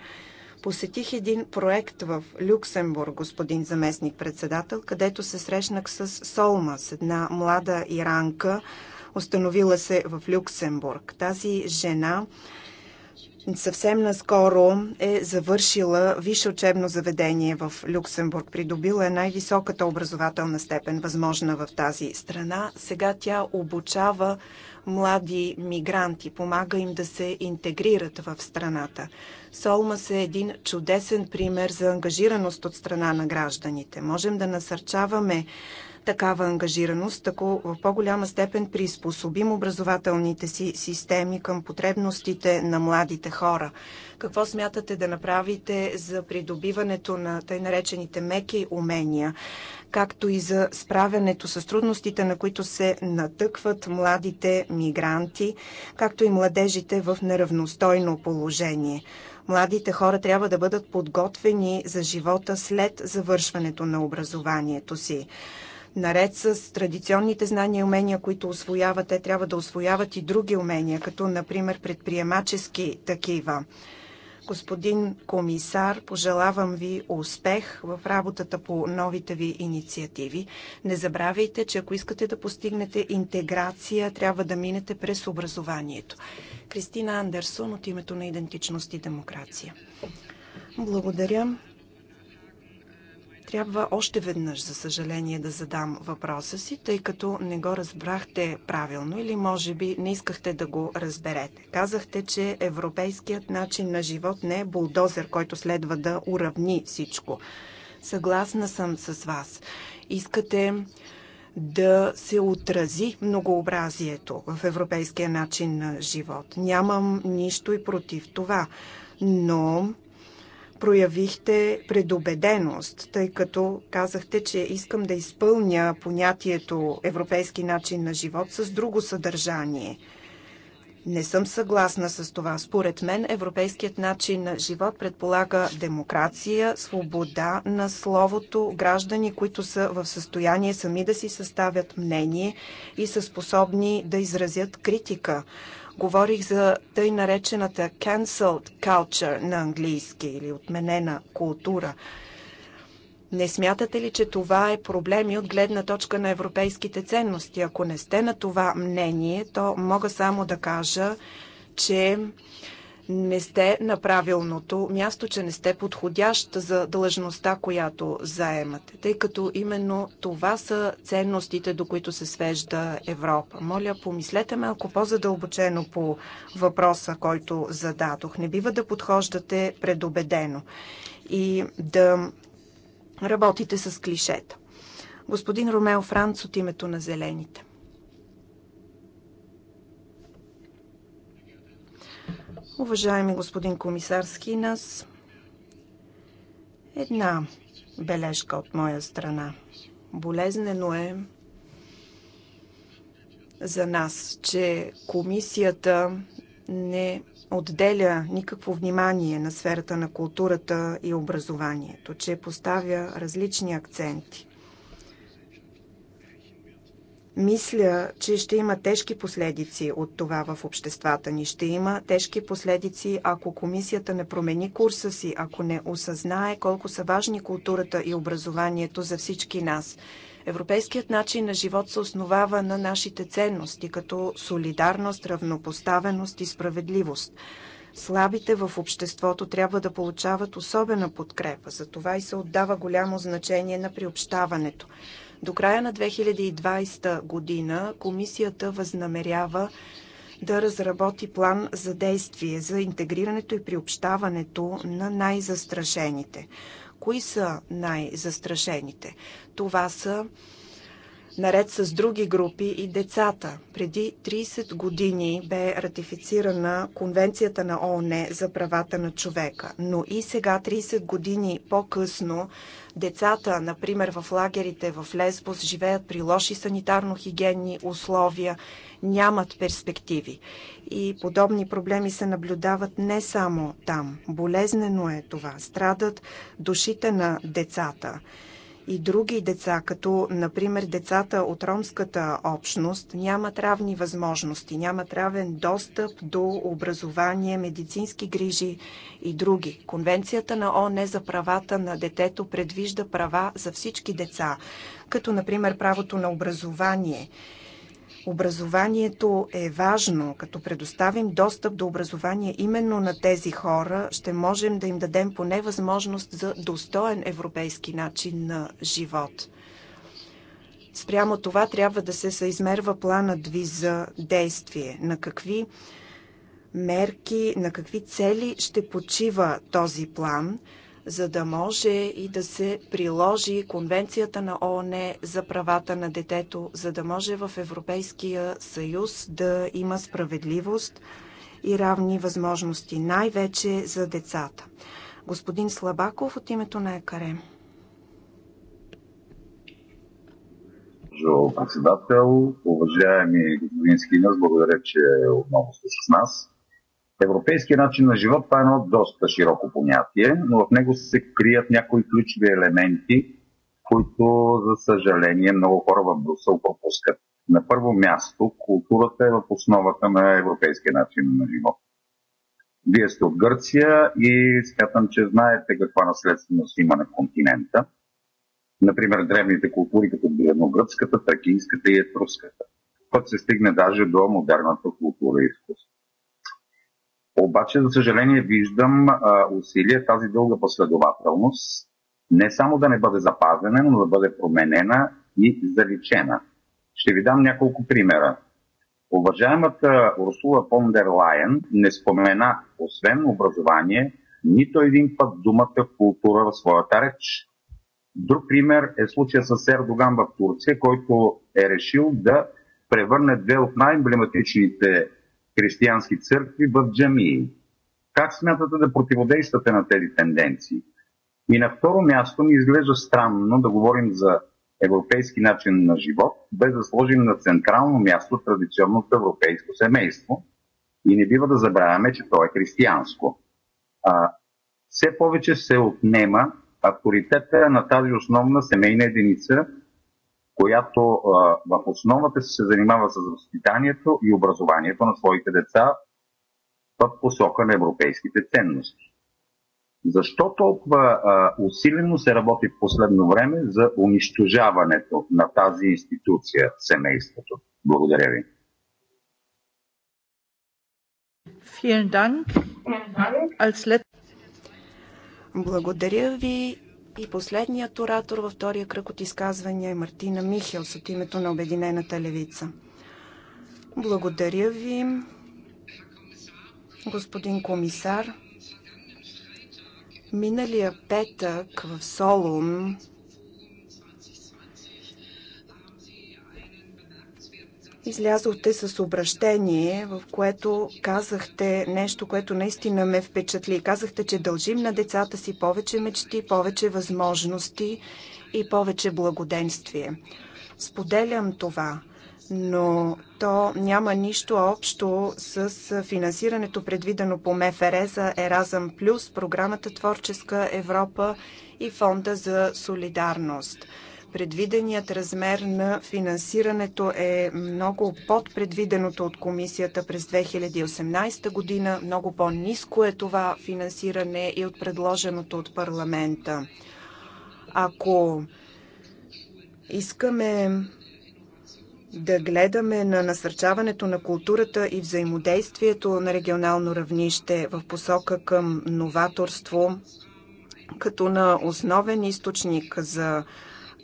Посетих един проект в Люксембург, господин заместник-председател, където се срещнах с Солма, с една млада иранка, установила се в Люксембург. Тази жена съвсем наскоро е завършила висше учебно заведение в Люксембург. Придобила е най-високата образователна степен, възможна в тази страна. Сега тя обучава млади мигранти, помага им да се интегрират в страната. Солмас е един чудесен пример за ангажираност от страна на гражданите. Можем да насърчаваме такава ангажираност, ако в по-голяма степен приспособим образователните си системи към потребностите на младите хора. Какво смятате да направите за придобиването на тъй наречените меки умения, както и за справянето с трудностите, на които се натъкват младите мигранти, както и младежите в неравностойно положение? Младите хора трябва да бъдат подготвени за живота след завършването на образованието си наред с традиционните знания и умения, които освояват, те трябва да освояват и други умения, като например предприемачески такива. Господин комисар, пожелавам ви успех в работата по новите ви инициативи. Не забравяйте, че ако искате да постигнете интеграция, трябва да минете през образованието. Кристина Андерсон от името на Идентичност и демокрация. Благодаря. Трябва още веднъж, за съжаление, да задам въпроса си, тъй като не го разбрахте правилно или може би не искахте да го разберете. Казахте, че европейският начин на живот не е булдозер, който следва да уравни всичко. Съгласна съм с вас. Искате да се отрази многообразието в европейския начин на живот. Нямам нищо и против това, но проявихте предубеденост, тъй като казахте, че искам да изпълня понятието европейски начин на живот с друго съдържание. Не съм съгласна с това. Според мен европейският начин на живот предполага демокрация, свобода на словото, граждани, които са в състояние сами да си съставят мнение и са способни да изразят критика. Говорих за тъй наречената cancelled culture на английски или отменена култура. Не смятате ли, че това е проблем и от гледна точка на европейските ценности? Ако не сте на това мнение, то мога само да кажа, че не сте на правилното място, че не сте подходящ за длъжността, която заемате, тъй като именно това са ценностите, до които се свежда Европа. Моля, помислете малко по-задълбочено по въпроса, който зададох. Не бива да подхождате предобедено и да работите с клишета. Господин Ромео Франц от името на Зелените. Уважаеми господин комисарски нас, една бележка от моя страна. Болезнено е за нас, че комисията не отделя никакво внимание на сферата на културата и образованието, че поставя различни акценти. Мисля, че ще има тежки последици от това в обществата ни. Ще има тежки последици, ако комисията не промени курса си, ако не осъзнае колко са важни културата и образованието за всички нас. Европейският начин на живот се основава на нашите ценности, като солидарност, равнопоставеност и справедливост. Слабите в обществото трябва да получават особена подкрепа, за това и се отдава голямо значение на приобщаването. До края на 2020 година комисията възнамерява да разработи план за действие за интегрирането и приобщаването на най-застрашените. Кои са най-застрашените? Това са наред с други групи и децата. Преди 30 години бе ратифицирана Конвенцията на ООН за правата на човека, но и сега, 30 години по-късно, Децата, например, в лагерите в Лесбос живеят при лоши санитарно-хигиенни условия, нямат перспективи. И подобни проблеми се наблюдават не само там. Болезнено е това. Страдат душите на децата и други деца, като например децата от ромската общност, нямат равни възможности, нямат равен достъп до образование, медицински грижи и други. Конвенцията на ООН за правата на детето предвижда права за всички деца, като например правото на образование Образованието е важно. Като предоставим достъп до образование именно на тези хора, ще можем да им дадем поне възможност за достоен европейски начин на живот. Спрямо това трябва да се съизмерва планът ви за действие. На какви мерки, на какви цели ще почива този план – за да може и да се приложи Конвенцията на ООН за правата на детето, за да може в Европейския съюз да има справедливост и равни възможности, най-вече за децата. Господин Слабаков от името на ЕКАРЕ. председател, уважаеми господин Скинес, благодаря, че отново сте с нас. Европейския начин на живот това е едно доста широко понятие, но в него се крият някои ключови елементи, които, за съжаление, много хора в Брусел пропускат. На първо място, културата е в основата на европейския начин на живот. Вие сте от Гърция и смятам, че знаете каква наследственост има на континента. Например, древните култури, като древногръцката, тракийската и етруската. Път се стигне даже до модерната култура и изкуство. Обаче, за съжаление, виждам а, усилие тази дълга последователност не само да не бъде запазена, но да бъде променена и заличена. Ще ви дам няколко примера. Уважаемата Урсула фон дер Лайен не спомена, освен образование, нито един път думата култура в своята реч. Друг пример е случая с Ердоган в Турция, който е решил да превърне две от най-емблематичните християнски църкви в джамии. Как смятате да противодействате на тези тенденции? И на второ място ми изглежда странно да говорим за европейски начин на живот, без да сложим на централно място традиционното европейско семейство. И не бива да забравяме, че то е християнско. А, все повече се отнема авторитета на тази основна семейна единица която а, в основата си се занимава с възпитанието и образованието на своите деца в посока на европейските ценности. Защо толкова а, усилено се работи в последно време за унищожаването на тази институция, семейството? Благодаря ви. Благодаря ви и последният оратор във втория кръг от изказвания е Мартина Михелс от името на Обединената левица. Благодаря ви, господин комисар. Миналия петък в Солун Излязохте с обращение, в което казахте нещо, което наистина ме впечатли. Казахте, че дължим на децата си повече мечти, повече възможности и повече благоденствие. Споделям това, но то няма нищо общо с финансирането, предвидено по МФР за Еразъм Плюс, програмата Творческа Европа и Фонда за солидарност. Предвиденият размер на финансирането е много под предвиденото от комисията през 2018 година. Много по-низко е това финансиране и от предложеното от парламента. Ако искаме да гледаме на насърчаването на културата и взаимодействието на регионално равнище в посока към новаторство, като на основен източник за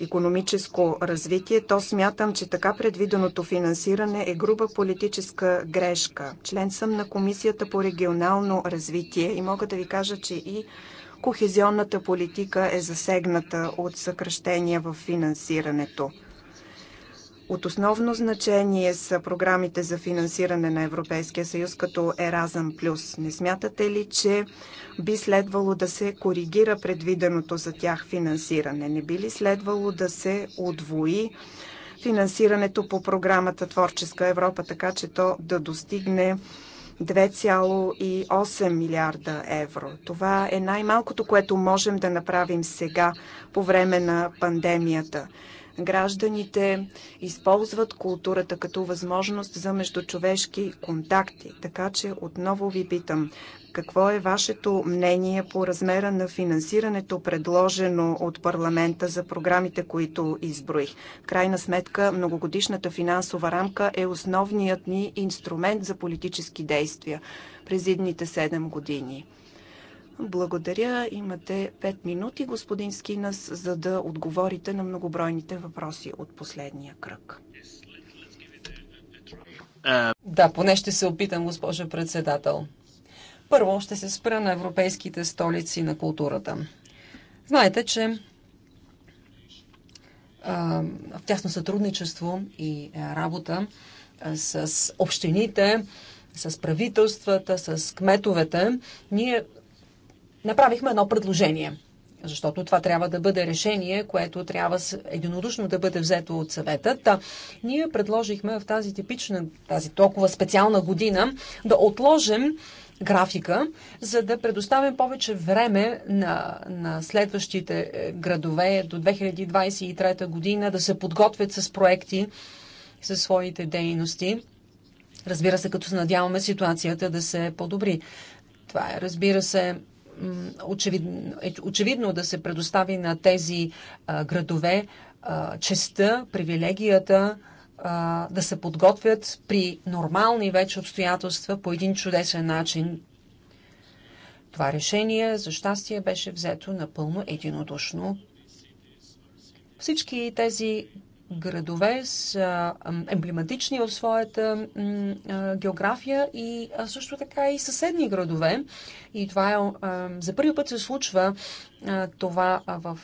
економическо развитие, то смятам, че така предвиденото финансиране е груба политическа грешка. Член съм на Комисията по регионално развитие и мога да ви кажа, че и кохезионната политика е засегната от съкръщения в финансирането. От основно значение са програмите за финансиране на Европейския съюз като Еразъм Плюс. Не смятате ли, че би следвало да се коригира предвиденото за тях финансиране? Не би ли следвало да се отвои финансирането по програмата Творческа Европа, така че то да достигне 2,8 милиарда евро. Това е най-малкото, което можем да направим сега по време на пандемията. Гражданите използват културата като възможност за междучовешки контакти. Така че отново ви питам, какво е вашето мнение по размера на финансирането, предложено от парламента за програмите, които изброих? В крайна сметка, многогодишната финансова рамка е основният ни инструмент за политически действия през едните 7 години. Благодаря. Имате 5 минути, господин Скинас, за да отговорите на многобройните въпроси от последния кръг. Да, поне ще се опитам, госпожа председател. Първо ще се спра на европейските столици на културата. Знаете, че а, в тясно сътрудничество и работа а, с общините, с правителствата, с кметовете, ние направихме едно предложение. Защото това трябва да бъде решение, което трябва единодушно да бъде взето от съвета. Та, ние предложихме в тази типична, тази толкова специална година да отложим графика, за да предоставим повече време на, на следващите е, градове до 2023 година да се подготвят с проекти, със своите дейности. Разбира се, като се надяваме ситуацията да се подобри. Това е, разбира се, очевидно, е очевидно да се предостави на тези а, градове а, честа, привилегията а, да се подготвят при нормални вече обстоятелства по един чудесен начин. Това решение, за щастие, беше взето напълно единодушно. Всички тези градове са емблематични в своята география и също така и съседни градове. И това е, за първи път се случва това в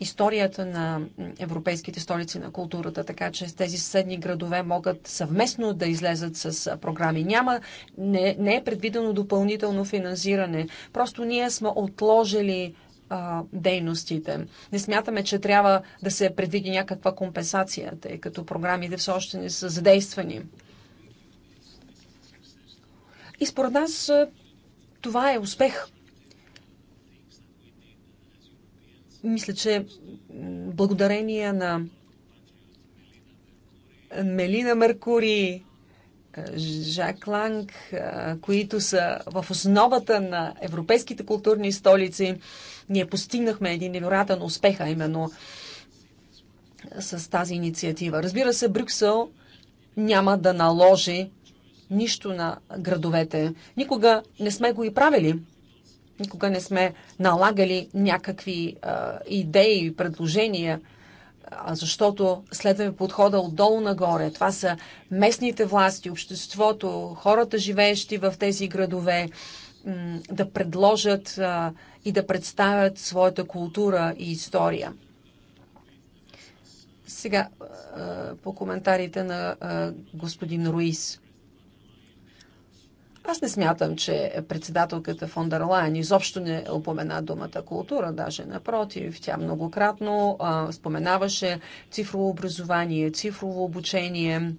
историята на европейските столици на културата, така че тези съседни градове могат съвместно да излезат с програми. Няма, не, не е предвидено допълнително финансиране. Просто ние сме отложили а, дейностите. Не смятаме, че трябва да се предвиди някаква компенсация, тъй като програмите все още не са задействани. И според нас това е успех. Мисля, че благодарение на Мелина Меркури, Жак Ланг, които са в основата на европейските културни столици, ние постигнахме един невероятен успех, а именно с тази инициатива. Разбира се, Брюксел няма да наложи нищо на градовете. Никога не сме го и правили. Никога не сме налагали някакви а, идеи и предложения, а защото следваме подхода отдолу нагоре. Това са местните власти, обществото, хората, живеещи в тези градове, да предложат. А, и да представят своята култура и история. Сега по коментарите на господин Руис. Аз не смятам, че председателката фон дер Лайн изобщо не упомена думата култура, даже напротив, тя многократно а, споменаваше цифрово образование, цифрово обучение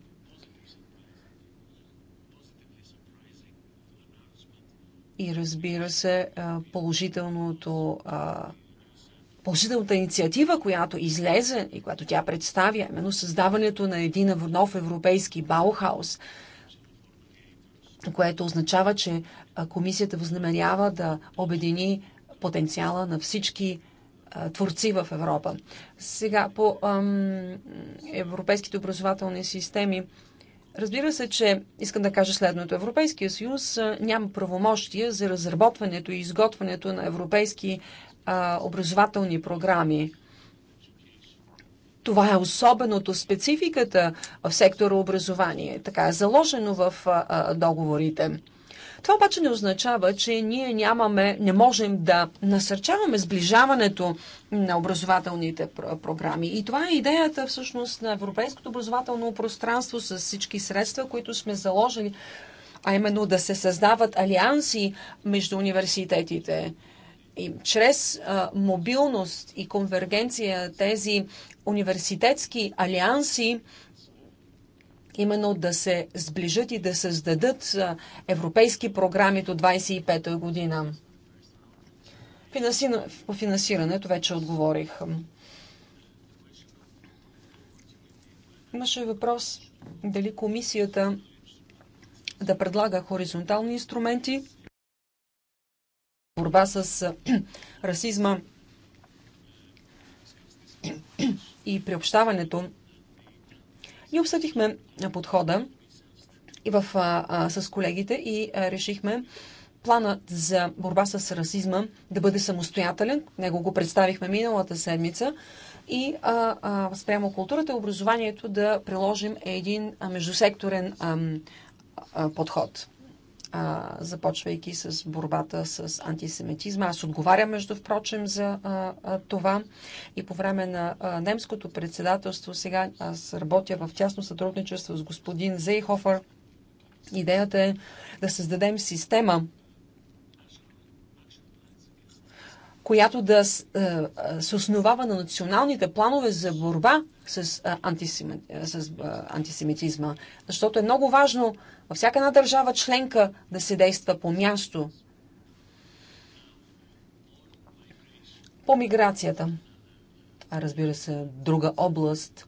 и разбира се положителното положителната инициатива, която излезе и която тя представя, именно създаването на един нов европейски Баухаус, което означава, че комисията възнамерява да обедини потенциала на всички творци в Европа. Сега по ам, европейските образователни системи Разбира се, че искам да кажа следното. Европейския съюз няма правомощия за разработването и изготвянето на европейски а, образователни програми. Това е особеното, спецификата в сектора образование. Така е заложено в а, договорите. Това обаче не означава, че ние нямаме, не можем да насърчаваме сближаването на образователните програми. И това е идеята всъщност на европейското образователно пространство с всички средства, които сме заложили, а именно да се създават алианси между университетите. И чрез а, мобилност и конвергенция тези университетски алианси именно да се сближат и да създадат европейски програми до 25-та година. По финансирането вече отговорих. Имаше въпрос дали комисията да предлага хоризонтални инструменти, борба с расизма и приобщаването и обсъдихме подхода и в, а, а, с колегите и а, решихме планът за борба с расизма да бъде самостоятелен. Него го представихме миналата седмица. И а, а, спрямо културата и образованието да приложим един а, междусекторен а, а, подход а, започвайки с борбата с антисемитизма. Аз отговарям, между впрочем, за а, а, това и по време на а, немското председателство сега аз работя в тясно сътрудничество с господин Зейхофър. Идеята е да създадем система, която да се основава на националните планове за борба с, антисемит, с антисемитизма. Защото е много важно във всяка една държава членка да се действа по място. По миграцията. А разбира се, друга област.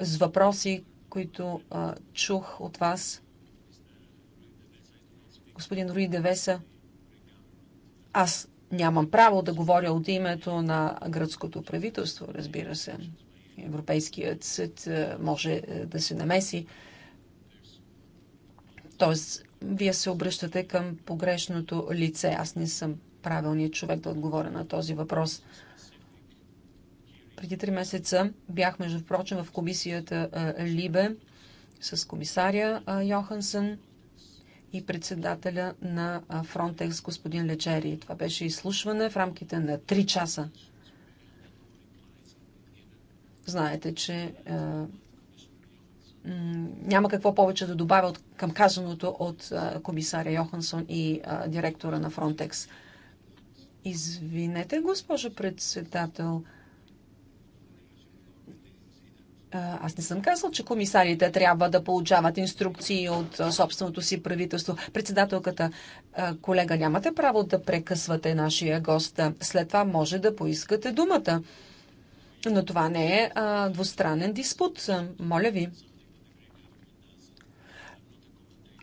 С въпроси, които а, чух от вас. Господин Руи Девеса, аз нямам право да говоря от името на гръцкото правителство, разбира се. Европейският съд е, може е, да се намеси. Тоест, вие се обръщате към погрешното лице. Аз не съм правилният човек да отговоря на този въпрос. Преди три месеца бях, между прочим, в комисията е, Либе с комисаря Йохансън и председателя на Фронтекс господин Лечери. Това беше изслушване в рамките на три часа. Знаете, че е, няма какво повече да добавя от, към казаното от а, е, комисаря Йохансон и а, е, директора на Фронтекс. Извинете, госпожо председател. аз не съм казал, че комисарите трябва да получават инструкции от собственото си правителство. Председателката, колега, нямате право да прекъсвате нашия гост. След това може да поискате думата. Но това не е а, двустранен диспут, моля ви.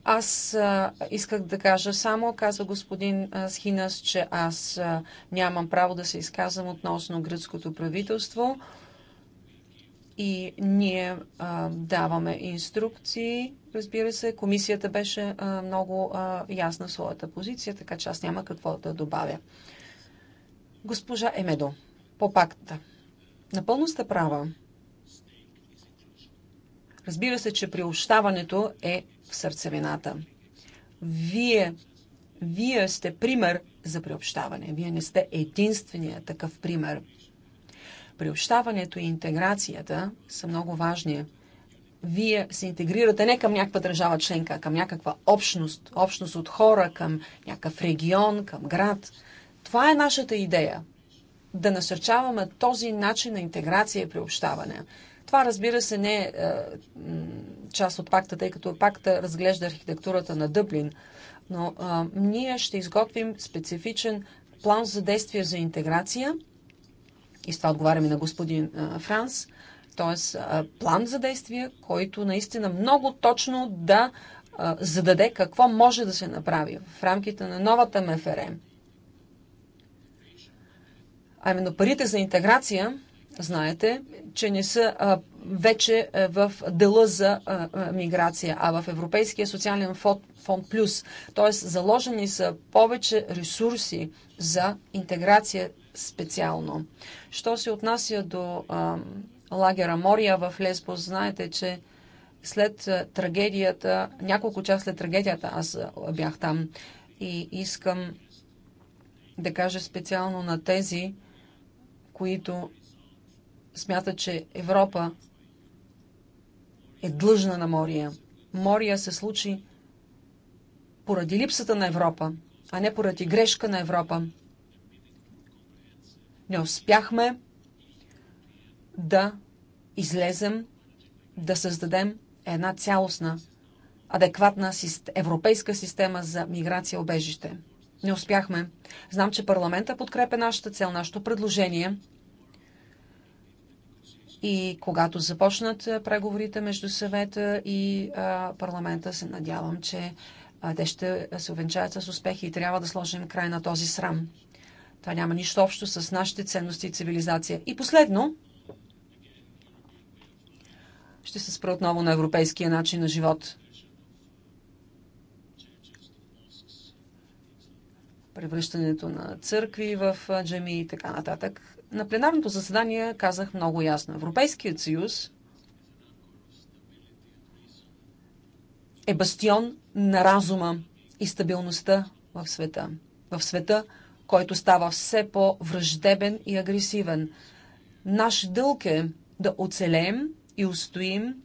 Аз а, исках да кажа само, каза господин а, Схинас, че аз а, нямам право да се изказвам относно гръцкото правителство и ние а, даваме инструкции, разбира се. Комисията беше а, много а, ясна в своята позиция, така че аз няма какво да добавя. Госпожа Емедо, по пакта. Напълно сте права. Разбира се, че приобщаването е в сърцевината. Вие, вие сте пример за приобщаване. Вие не сте единствения такъв пример. Приобщаването и интеграцията са много важни. Вие се интегрирате не към някаква държава членка, а към някаква общност, общност от хора, към някакъв регион, към град. Това е нашата идея да насърчаваме този начин на интеграция и приобщаване. Това, разбира се, не е, е част от пакта, тъй като пакта разглежда архитектурата на Дъблин, но а, е, ние ще изготвим специфичен план за действие за интеграция. И с това отговаряме на господин а, е, Франс. Т.е. план за действие, който наистина много точно да а, зададе какво може да се направи в рамките на новата МФРМ а именно парите за интеграция, знаете, че не са а, вече е, в дела за а, миграция, а в Европейския социален фонд, фонд плюс. Т.е. заложени са повече ресурси за интеграция специално. Що се отнася до а, лагера Мория в Лесбос, знаете, че след трагедията, няколко часа след трагедията, аз бях там и искам да кажа специално на тези, които смятат, че Европа е длъжна на Мория. Мория се случи поради липсата на Европа, а не поради грешка на Европа. Не успяхме да излезем, да създадем една цялостна, адекватна европейска система за миграция и обежище. Не успяхме. Знам, че парламента подкрепя нашата цел, нашето предложение – и когато започнат преговорите между съвета и парламента, се надявам, че те ще се увенчаят с успехи и трябва да сложим край на този срам. Това няма нищо общо с нашите ценности и цивилизация. И последно, ще се спра отново на европейския начин на живот. Превръщането на църкви в джами и така нататък. На пленарното заседание казах много ясно. Европейският съюз е бастион на разума и стабилността в света. В света, който става все по-враждебен и агресивен. Наш дълг е да оцелем и устоим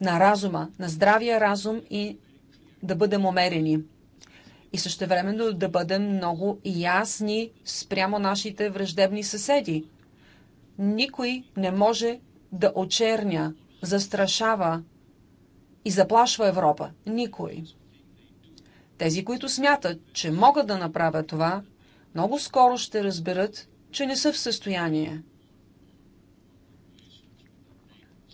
на разума, на здравия разум и да бъдем умерени и също времено да бъдем много ясни спрямо нашите враждебни съседи. Никой не може да очерня, застрашава и заплашва Европа. Никой. Тези, които смятат, че могат да направят това, много скоро ще разберат, че не са в състояние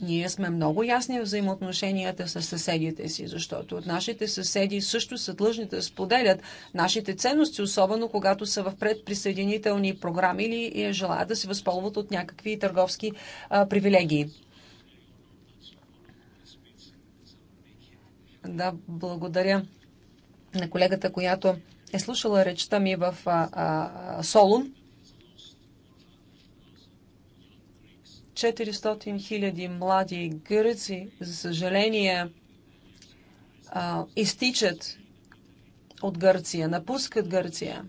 ние сме много ясни в взаимоотношенията с съседите си, защото от нашите съседи също са длъжни да споделят нашите ценности, особено когато са в предприсъединителни програми или е, желаят да се възползват от някакви търговски а, привилегии. Да, благодаря на колегата, която е слушала речта ми в а, а, Солун 400 хиляди млади гърци, за съжаление, а, изтичат от Гърция, напускат Гърция.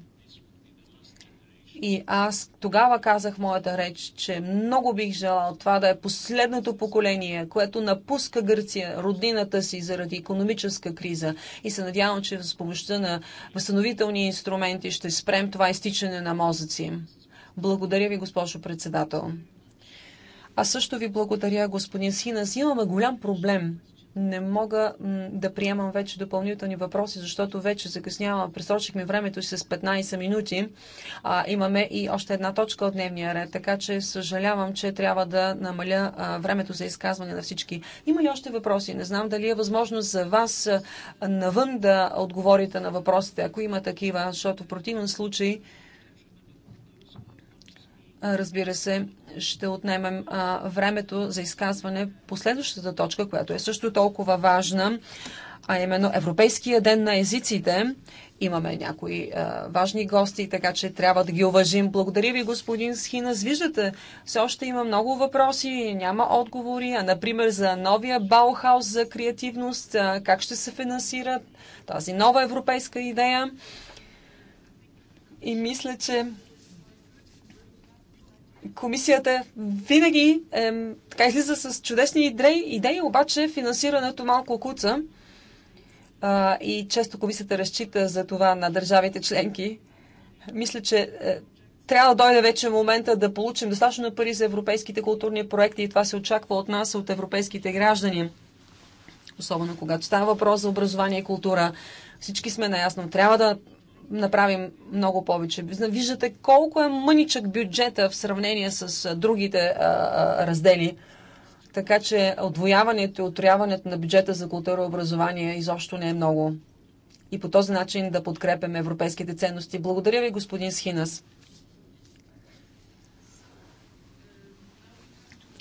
И аз тогава казах моята реч, че много бих желал това да е последното поколение, което напуска Гърция, родината си заради економическа криза. И се надявам, че с помощта на възстановителни инструменти ще спрем това изтичане на мозъци. Благодаря ви, госпожо председател. Аз също ви благодаря, господин Синас. Имаме голям проблем. Не мога да приемам вече допълнителни въпроси, защото вече закъснявам. Пресрочихме времето си с 15 минути. А, имаме и още една точка от дневния ред, така че съжалявам, че трябва да намаля а, времето за изказване на всички. Има ли още въпроси? Не знам дали е възможно за вас навън да отговорите на въпросите, ако има такива, защото в противен случай. Разбира се, ще отнемем времето за изказване по следващата точка, която е също толкова важна, а именно Европейския ден на езиците. Имаме някои а, важни гости, така че трябва да ги уважим. Благодаря ви, господин Схинас. Виждате, все още има много въпроси, няма отговори. А, например, за новия Баухаус за креативност, а, как ще се финансира тази нова европейска идея. И мисля, че комисията винаги е, така излиза с чудесни идеи, идеи, обаче финансирането малко куца. А, и често комисията разчита за това на държавите членки. Мисля, че е, трябва да дойде вече момента да получим достатъчно пари за европейските културни проекти и това се очаква от нас, от европейските граждани. Особено когато става въпрос за образование и култура. Всички сме наясно. Трябва да направим много повече. Виждате колко е мъничък бюджета в сравнение с другите раздели. Така че отвояването и отряването на бюджета за култура и образование изобщо не е много. И по този начин да подкрепяме европейските ценности. Благодаря ви, господин Схинас.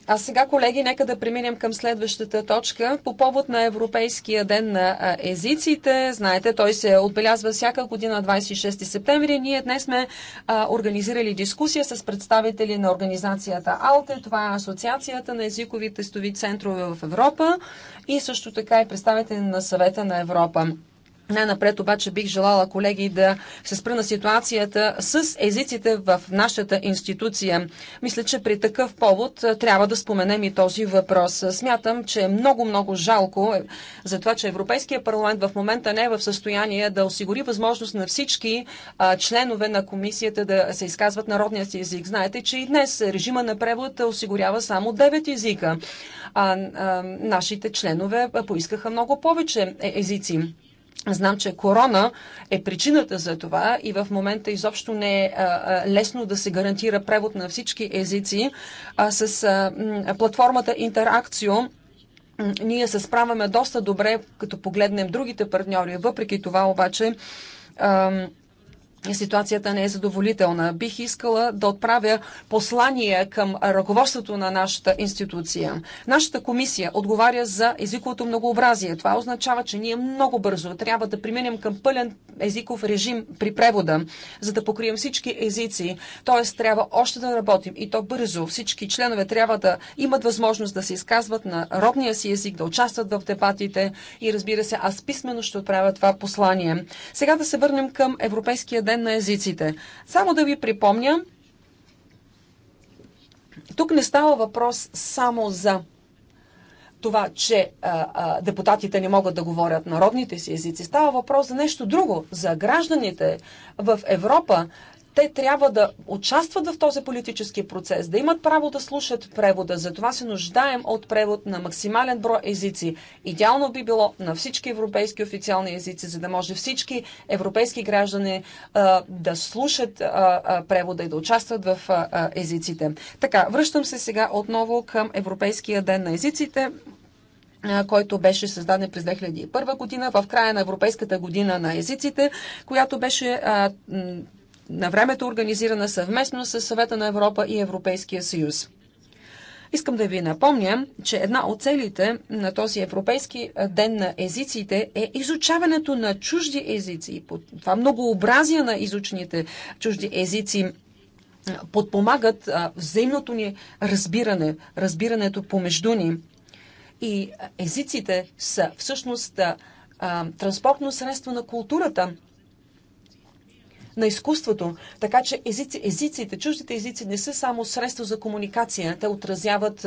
А сега, колеги, нека да преминем към следващата точка. По повод на Европейския ден на езиците, знаете, той се отбелязва всяка година 26 септември. Ние днес сме а, организирали дискусия с представители на организацията АЛТЕ, това е Асоциацията на езикови тестови центрове в Европа и също така и представители на съвета на Европа. Най-напред обаче бих желала, колеги, да се спра на ситуацията с езиците в нашата институция. Мисля, че при такъв повод трябва да споменем и този въпрос. Смятам, че е много-много жалко е, за това, че Европейския парламент в момента не е в състояние да осигури възможност на всички членове на комисията да се изказват народния си език. Знаете, че и днес режима на превод осигурява само 9 езика. А, а, нашите членове поискаха много повече е, езици. Знам, че корона е причината за това и в момента изобщо не е лесно да се гарантира превод на всички езици. С платформата Интеракцио ние се справяме доста добре, като погледнем другите партньори. Въпреки това обаче ситуацията не е задоволителна. Бих искала да отправя послание към ръководството на нашата институция. Нашата комисия отговаря за езиковото многообразие. Това означава, че ние много бързо трябва да преминем към пълен езиков режим при превода, за да покрием всички езици. Тоест, трябва още да работим и то бързо. Всички членове трябва да имат възможност да се изказват на родния си език, да участват в дебатите и разбира се, аз писменно ще отправя това послание. Сега да се върнем към Европейския ден ден на езиците. Само да ви припомня, тук не става въпрос само за това, че а, а, депутатите не могат да говорят народните си езици. Става въпрос за нещо друго, за гражданите в Европа, те трябва да участват в този политически процес, да имат право да слушат превода. Затова се нуждаем от превод на максимален брой езици. Идеално би било на всички европейски официални езици, за да може всички европейски граждани а, да слушат а, а, превода и да участват в а, а, езиците. Така, връщам се сега отново към Европейския ден на езиците който беше създаден през 2001 година, в края на Европейската година на езиците, която беше а, на времето организирана съвместно с Съвета на Европа и Европейския съюз. Искам да ви напомня, че една от целите на този Европейски ден на езиците е изучаването на чужди езици. това многообразие на изучените чужди езици подпомагат взаимното ни разбиране, разбирането помежду ни. И езиците са всъщност транспортно средство на културата – на изкуството. Така че езици, езиците, чуждите езици не са само средство за комуникация, те отразяват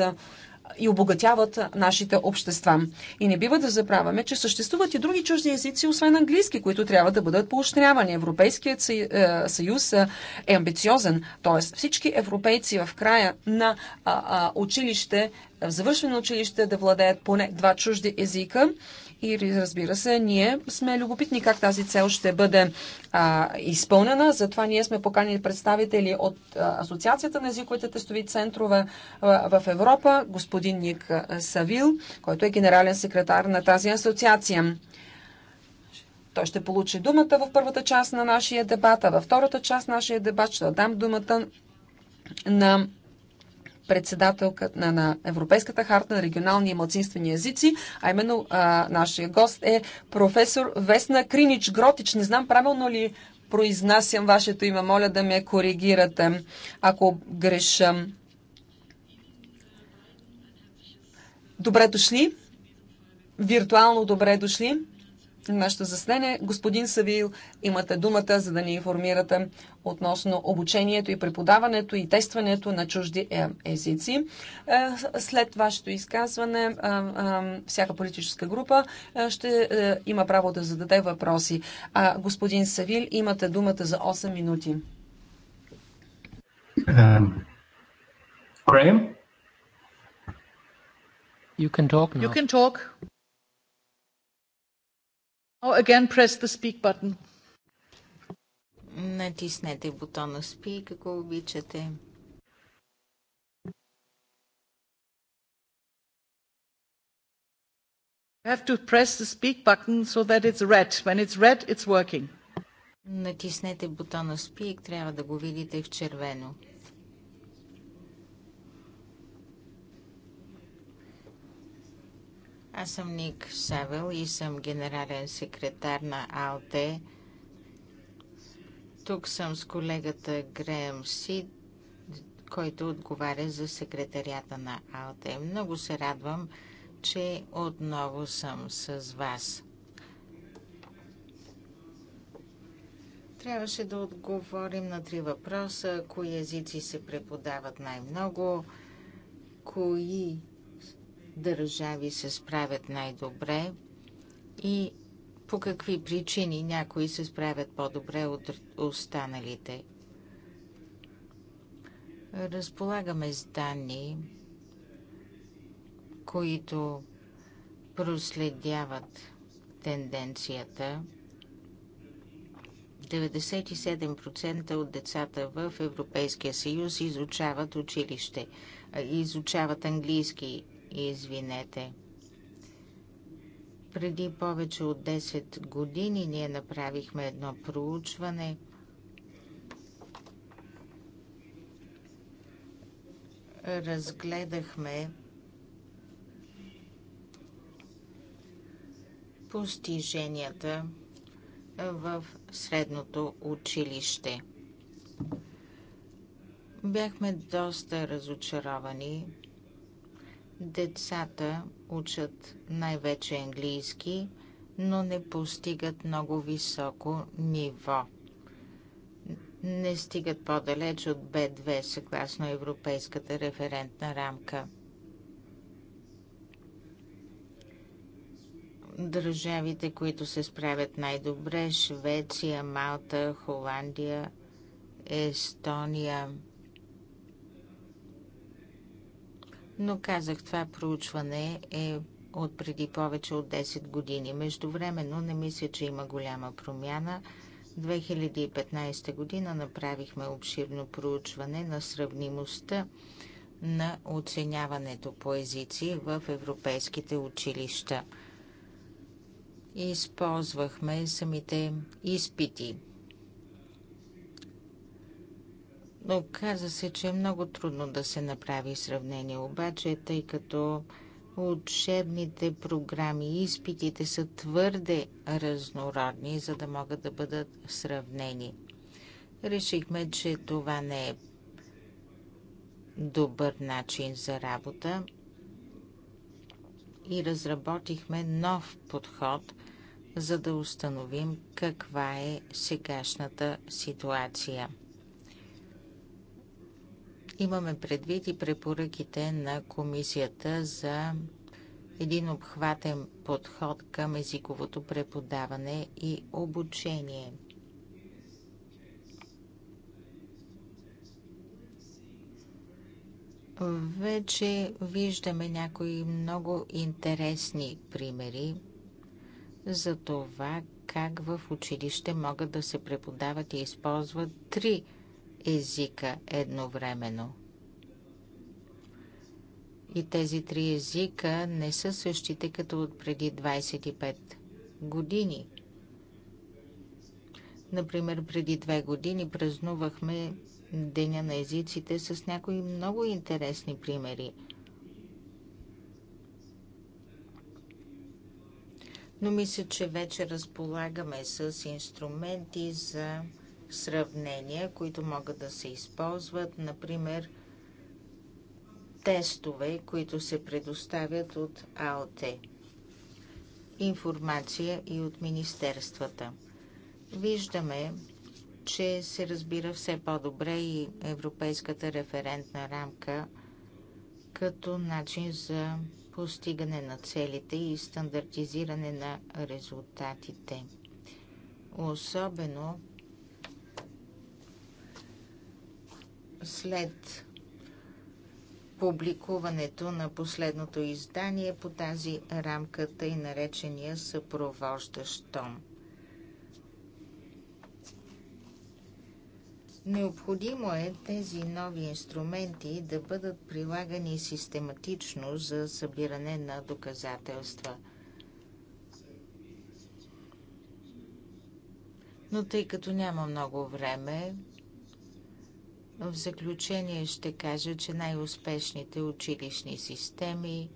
и обогатяват нашите общества. И не бива да забравяме, че съществуват и други чужди езици, освен английски, които трябва да бъдат поощрявани. Европейският е, съюз е амбициозен, т.е. всички европейци в края на училище, в на училище да владеят поне два чужди езика и разбира се, ние сме любопитни как тази цел ще бъде а, изпълнена. Затова ние сме поканили представители от а, Асоциацията на езиковите тестови центрове в Европа, господин Ник Савил, който е генерален секретар на тази асоциация. Той ще получи думата в първата част на нашия дебат, а във втората част на нашия дебат ще дам думата на Председателка на, на Европейската харта на регионални и младсинствени езици, а именно а, нашия гост е професор Весна Кринич Гротич. Не знам правилно ли произнасям вашето име, моля да ме коригирате, ако греша. Добре дошли. Виртуално добре дошли нашето заседание. Господин Савил, имате думата, за да ни информирате относно обучението и преподаването и тестването на чужди е, езици. Е, след вашето изказване, е, всяка политическа група ще има право да зададе въпроси. Господин Савил, имате думата за 8 минути. Um, You can talk now. You can talk. Oh, again press the speak button. Натиснете бутона Speak, ако обичате. You have to press the speak button so that it's red. When it's red, it's working. Натиснете бутона Speak, трябва да го видите в червено. Аз съм Ник Савел и съм генерален секретар на АЛТЕ. Тук съм с колегата Греем Си, който отговаря за секретарията на АЛТЕ. Много се радвам, че отново съм с вас. Трябваше да отговорим на три въпроса. Кои езици се преподават най-много? Кои държави се справят най-добре и по какви причини някои се справят по-добре от останалите. Разполагаме с данни, които проследяват тенденцията. 97% от децата в Европейския съюз изучават училище, изучават английски извинете. Преди повече от 10 години ние направихме едно проучване – разгледахме постиженията в средното училище. Бяхме доста разочаровани Децата учат най-вече английски, но не постигат много високо ниво. Не стигат по-далеч от Б2, съгласно Европейската референтна рамка. Държавите, които се справят най-добре Швеция, Малта, Холандия, Естония – но казах, това проучване е от преди повече от 10 години. Междувременно не мисля, че има голяма промяна. 2015 година направихме обширно проучване на сравнимостта на оценяването по езици в европейските училища. Използвахме самите изпити Но оказа се, че е много трудно да се направи сравнение. Обаче, тъй като учебните програми и изпитите са твърде разнородни, за да могат да бъдат сравнени. Решихме, че това не е добър начин за работа и разработихме нов подход, за да установим каква е сегашната ситуация – Имаме предвид и препоръките на комисията за един обхватен подход към езиковото преподаване и обучение. Вече виждаме някои много интересни примери за това как в училище могат да се преподават и използват три езика едновременно. И тези три езика не са същите като от преди 25 години. Например, преди две години празнувахме Деня на езиците с някои много интересни примери. Но мисля, че вече разполагаме с инструменти за сравнения, които могат да се използват, например тестове, които се предоставят от АОТ, информация и от министерствата. Виждаме, че се разбира все по-добре и Европейската референтна рамка като начин за постигане на целите и стандартизиране на резултатите. Особено след публикуването на последното издание по тази рамка, тъй наречения съпровождащ том. Необходимо е тези нови инструменти да бъдат прилагани систематично за събиране на доказателства. Но тъй като няма много време, в заключение ще кажа, че най-успешните училищни системи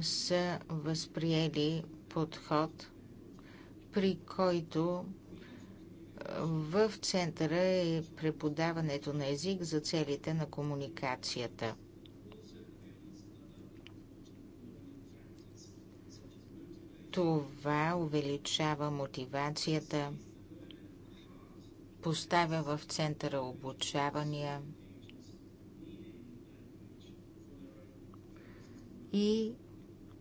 са възприели подход, при който в центъра е преподаването на език за целите на комуникацията. Това увеличава мотивацията, поставя в центъра обучавания и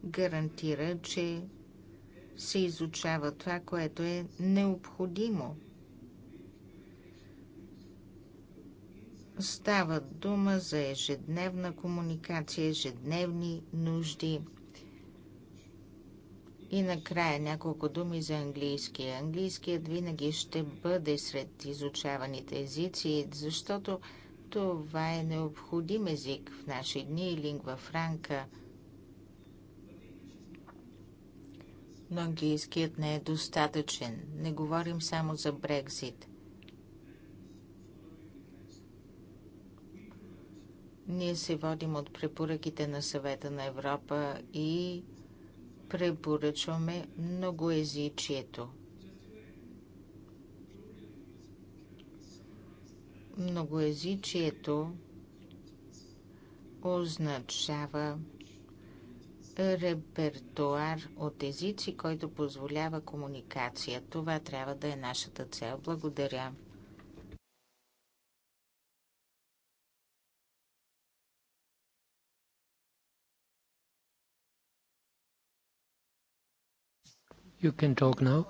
гарантира, че се изучава това, което е необходимо. Става дума за ежедневна комуникация, ежедневни нужди – и накрая няколко думи за английския. Английският винаги ще бъде сред изучаваните езици, защото това е необходим език в наши дни, лингва франка. Но английският не е достатъчен. Не говорим само за Брекзит. Ние се водим от препоръките на съвета на Европа и препоръчваме многоезичието. Многоезичието означава репертуар от езици, който позволява комуникация. Това трябва да е нашата цел. Благодаря. You can talk now.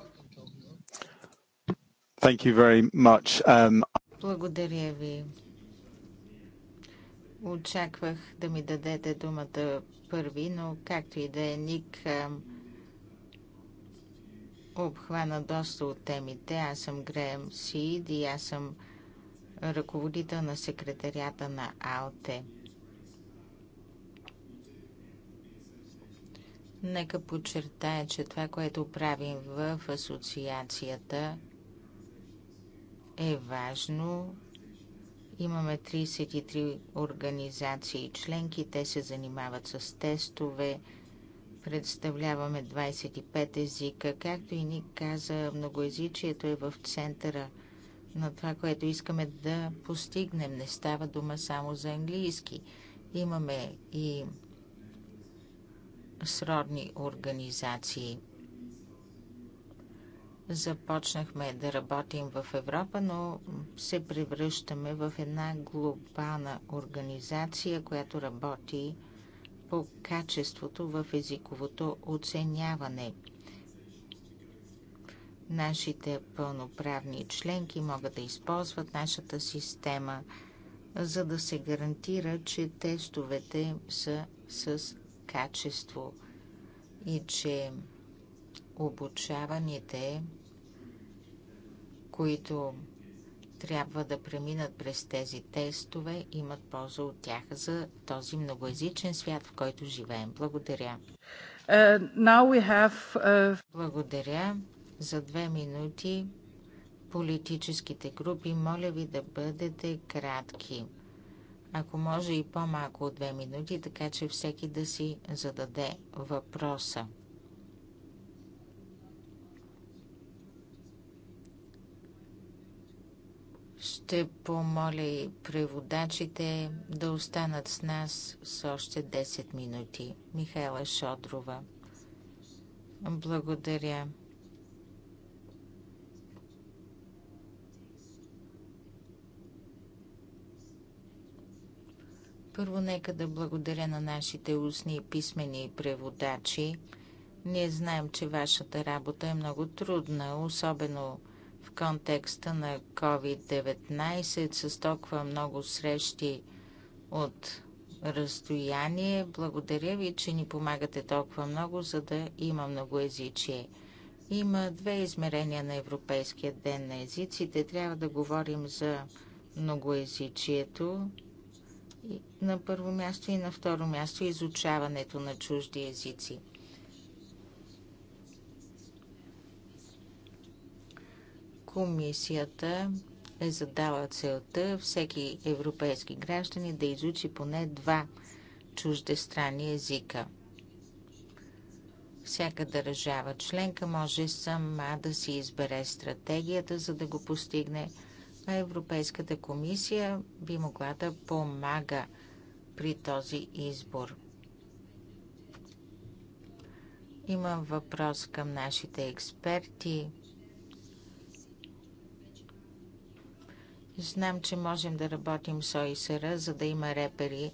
Thank you very much. Um... Благодаря ви. Очаквах да ми дадете думата първи, но както и да е, Ник обхвана доста от темите. Аз съм Греем Сид и аз съм ръководител на секретарията на АОТЕ. Нека подчертая, че това, което правим в асоциацията е важно. Имаме 33 организации и членки, те се занимават с тестове, представляваме 25 езика. Както и ни каза, многоязичието е в центъра на това, което искаме да постигнем. Не става дума само за английски. Имаме и сродни организации. Започнахме да работим в Европа, но се превръщаме в една глобална организация, която работи по качеството в езиковото оценяване. Нашите пълноправни членки могат да използват нашата система, за да се гарантира, че тестовете са с качество и че обучаваните, които трябва да преминат през тези тестове, имат полза от тях за този многоязичен свят, в който живеем. Благодаря. Uh, have, uh... Благодаря. За две минути политическите групи, моля ви да бъдете кратки ако може и по-малко от две минути, така че всеки да си зададе въпроса. Ще помоля и преводачите да останат с нас с още 10 минути. Михайла Шодрова. Благодаря. Първо нека да благодаря на нашите устни и писмени преводачи. Ние знаем, че вашата работа е много трудна, особено в контекста на COVID-19 с толкова много срещи от разстояние. Благодаря ви, че ни помагате толкова много, за да има многоезичие. Има две измерения на Европейския ден на езиците. Трябва да говорим за многоезичието на първо място и на второ място изучаването на чужди езици. Комисията е задала целта всеки европейски граждани да изучи поне два чуждестранни езика. Всяка държава членка може сама да си избере стратегията, за да го постигне – а Европейската комисия би могла да помага при този избор. Имам въпрос към нашите експерти. Знам, че можем да работим с ОИСР, за да има репери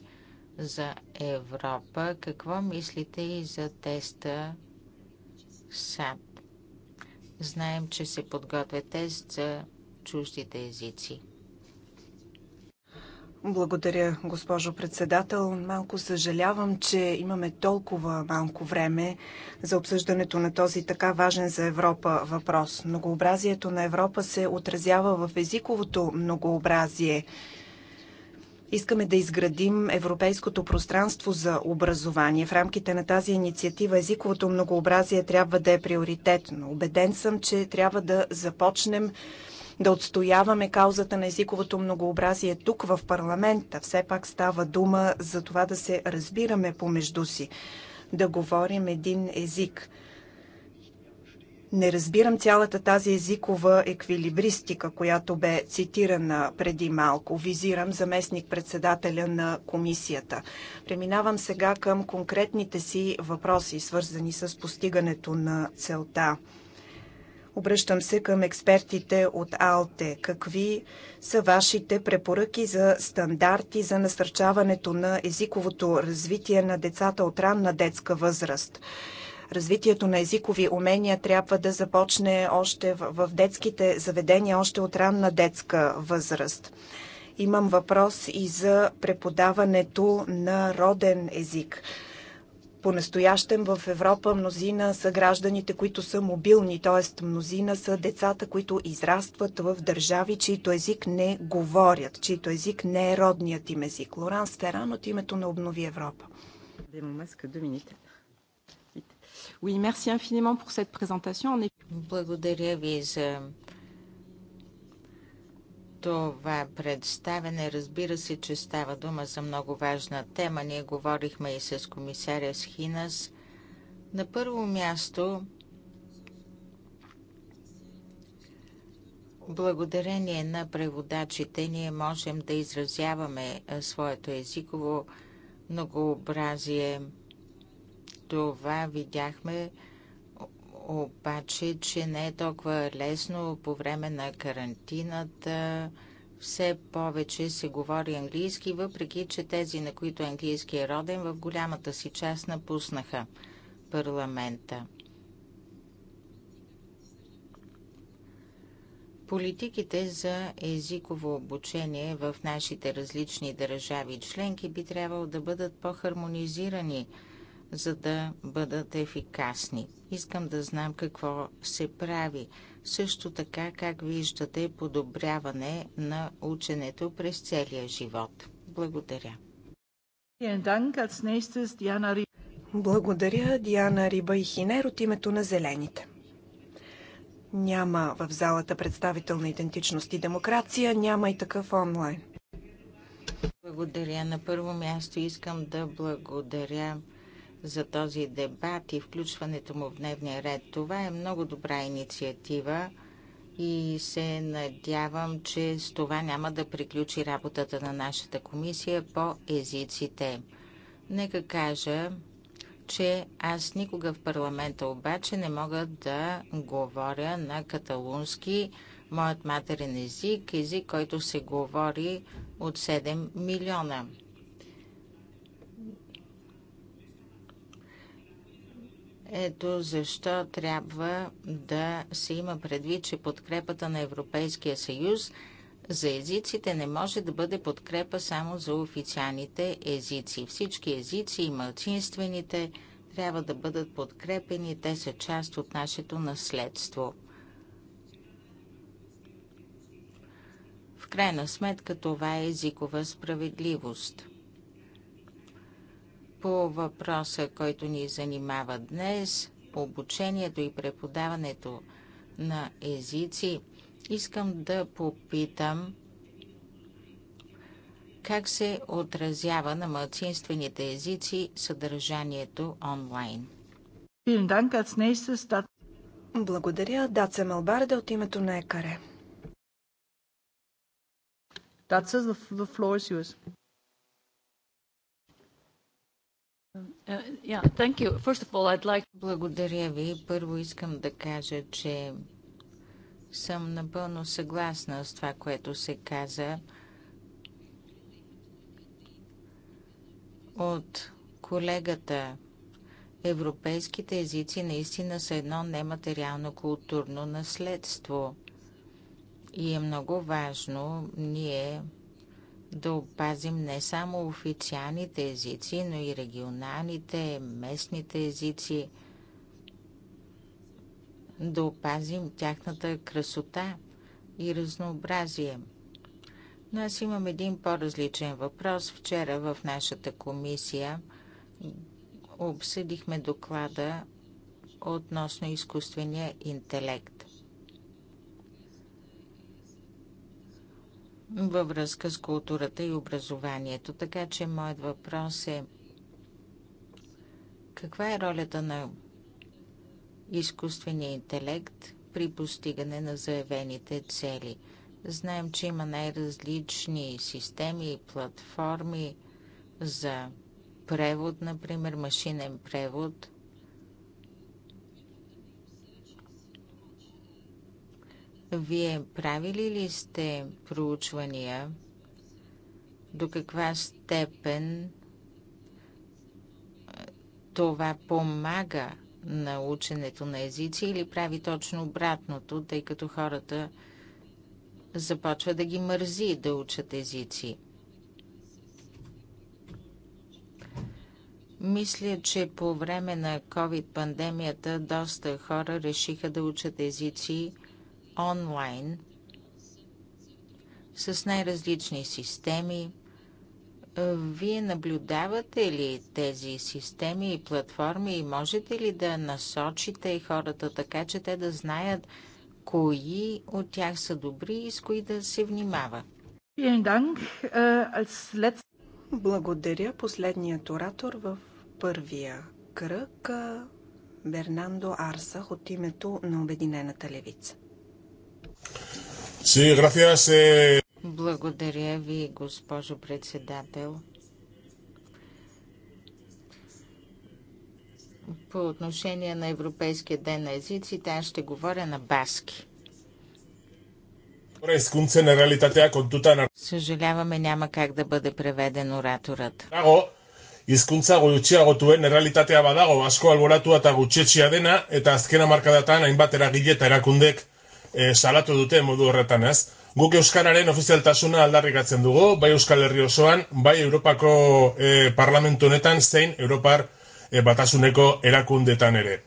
за Европа. Какво мислите и за теста САД? Знаем, че се подготвя тест за чуждите езици. Благодаря, госпожо председател. Малко съжалявам, че имаме толкова малко време за обсъждането на този така важен за Европа въпрос. Многообразието на Европа се отразява в езиковото многообразие. Искаме да изградим европейското пространство за образование. В рамките на тази инициатива езиковото многообразие трябва да е приоритетно. Обеден съм, че трябва да започнем да отстояваме каузата на езиковото многообразие тук в парламента. Все пак става дума за това да се разбираме помежду си, да говорим един език. Не разбирам цялата тази езикова еквилибристика, която бе цитирана преди малко. Визирам заместник-председателя на комисията. Преминавам сега към конкретните си въпроси, свързани с постигането на целта. Обръщам се към експертите от АЛТЕ. Какви са вашите препоръки за стандарти за насърчаването на езиковото развитие на децата от ранна детска възраст? развитието на езикови умения трябва да започне още в детските заведения, още от ранна детска възраст. Имам въпрос и за преподаването на роден език. По-настоящем в Европа мнозина са гражданите, които са мобилни, т.е. мнозина са децата, които израстват в държави, чието език не говорят, чието език не е родният им език. Лоран Стеран от името на Обнови Европа. Благодаря ви за това представене. Разбира се, че става дума за много важна тема. Ние говорихме и с комисаря Схинас. На първо място, благодарение на преводачите, ние можем да изразяваме своето езиково многообразие. Това видяхме обаче, че не е толкова лесно по време на карантината. Все повече се говори английски, въпреки че тези, на които английски е роден, в голямата си част напуснаха парламента. Политиките за езиково обучение в нашите различни държави членки би трябвало да бъдат по-хармонизирани – за да бъдат ефикасни. Искам да знам какво се прави. Също така, как виждате подобряване на ученето през целия живот. Благодаря. Благодаря, Диана Риба и Хинер от името на Зелените. Няма в залата представител на идентичност и демокрация, няма и такъв онлайн. Благодаря. На първо място искам да благодаря за този дебат и включването му в дневния ред. Това е много добра инициатива и се надявам, че с това няма да приключи работата на нашата комисия по езиците. Нека кажа, че аз никога в парламента обаче не мога да говоря на каталунски, моят матерен език, език, който се говори от 7 милиона. Ето защо трябва да се има предвид, че подкрепата на Европейския съюз за езиците не може да бъде подкрепа само за официалните езици. Всички езици и малцинствените трябва да бъдат подкрепени. Те са част от нашето наследство. В крайна сметка това е езикова справедливост по въпроса, който ни занимава днес, обучението и преподаването на езици, искам да попитам как се отразява на младсинствените езици съдържанието онлайн. Благодаря, Даце Мелбарда от името на ЕКАРЕ. Uh, Благодаря ви. Първо искам да кажа, че съм напълно съгласна с това, което се каза от колегата. Европейските езици наистина са едно нематериално културно наследство и е много важно ние да опазим не само официалните езици, но и регионалните, местните езици, да опазим тяхната красота и разнообразие. Но аз имам един по-различен въпрос. Вчера в нашата комисия обсъдихме доклада относно изкуствения интелект. във връзка с културата и образованието. Така че моят въпрос е каква е ролята на изкуствения интелект при постигане на заявените цели? Знаем, че има най-различни системи и платформи за превод, например машинен превод. Вие правили ли сте проучвания до каква степен това помага на ученето на езици или прави точно обратното, тъй като хората започва да ги мързи да учат езици. Мисля, че по време на COVID-пандемията доста хора решиха да учат езици онлайн с най-различни системи. Вие наблюдавате ли тези системи и платформи и можете ли да насочите хората така, че те да знаят кои от тях са добри и с кои да се внимава? Äh, Благодаря. Последният оратор в първия кръг Бернандо Арсах от името на Обединената левица. Sí, gracias, eh... Благодаря ви, госпожо председател. По отношение на Европейския ден на езиците, аз ще говоря на баски. Съжаляваме, няма как да бъде преведен ораторът. Hizkuntza gutxiago duen errealitatea badago, asko alboratua eta gutxetxia dena, eta azkena markadatan hainbat eragile eta erakundek e, salatu dute modu horretan ez. Guk Euskararen ofizialtasuna aldarrikatzen dugu, bai Euskal Herri osoan, bai Europako e, parlamentu honetan, zein Europar e, batasuneko erakundetan ere.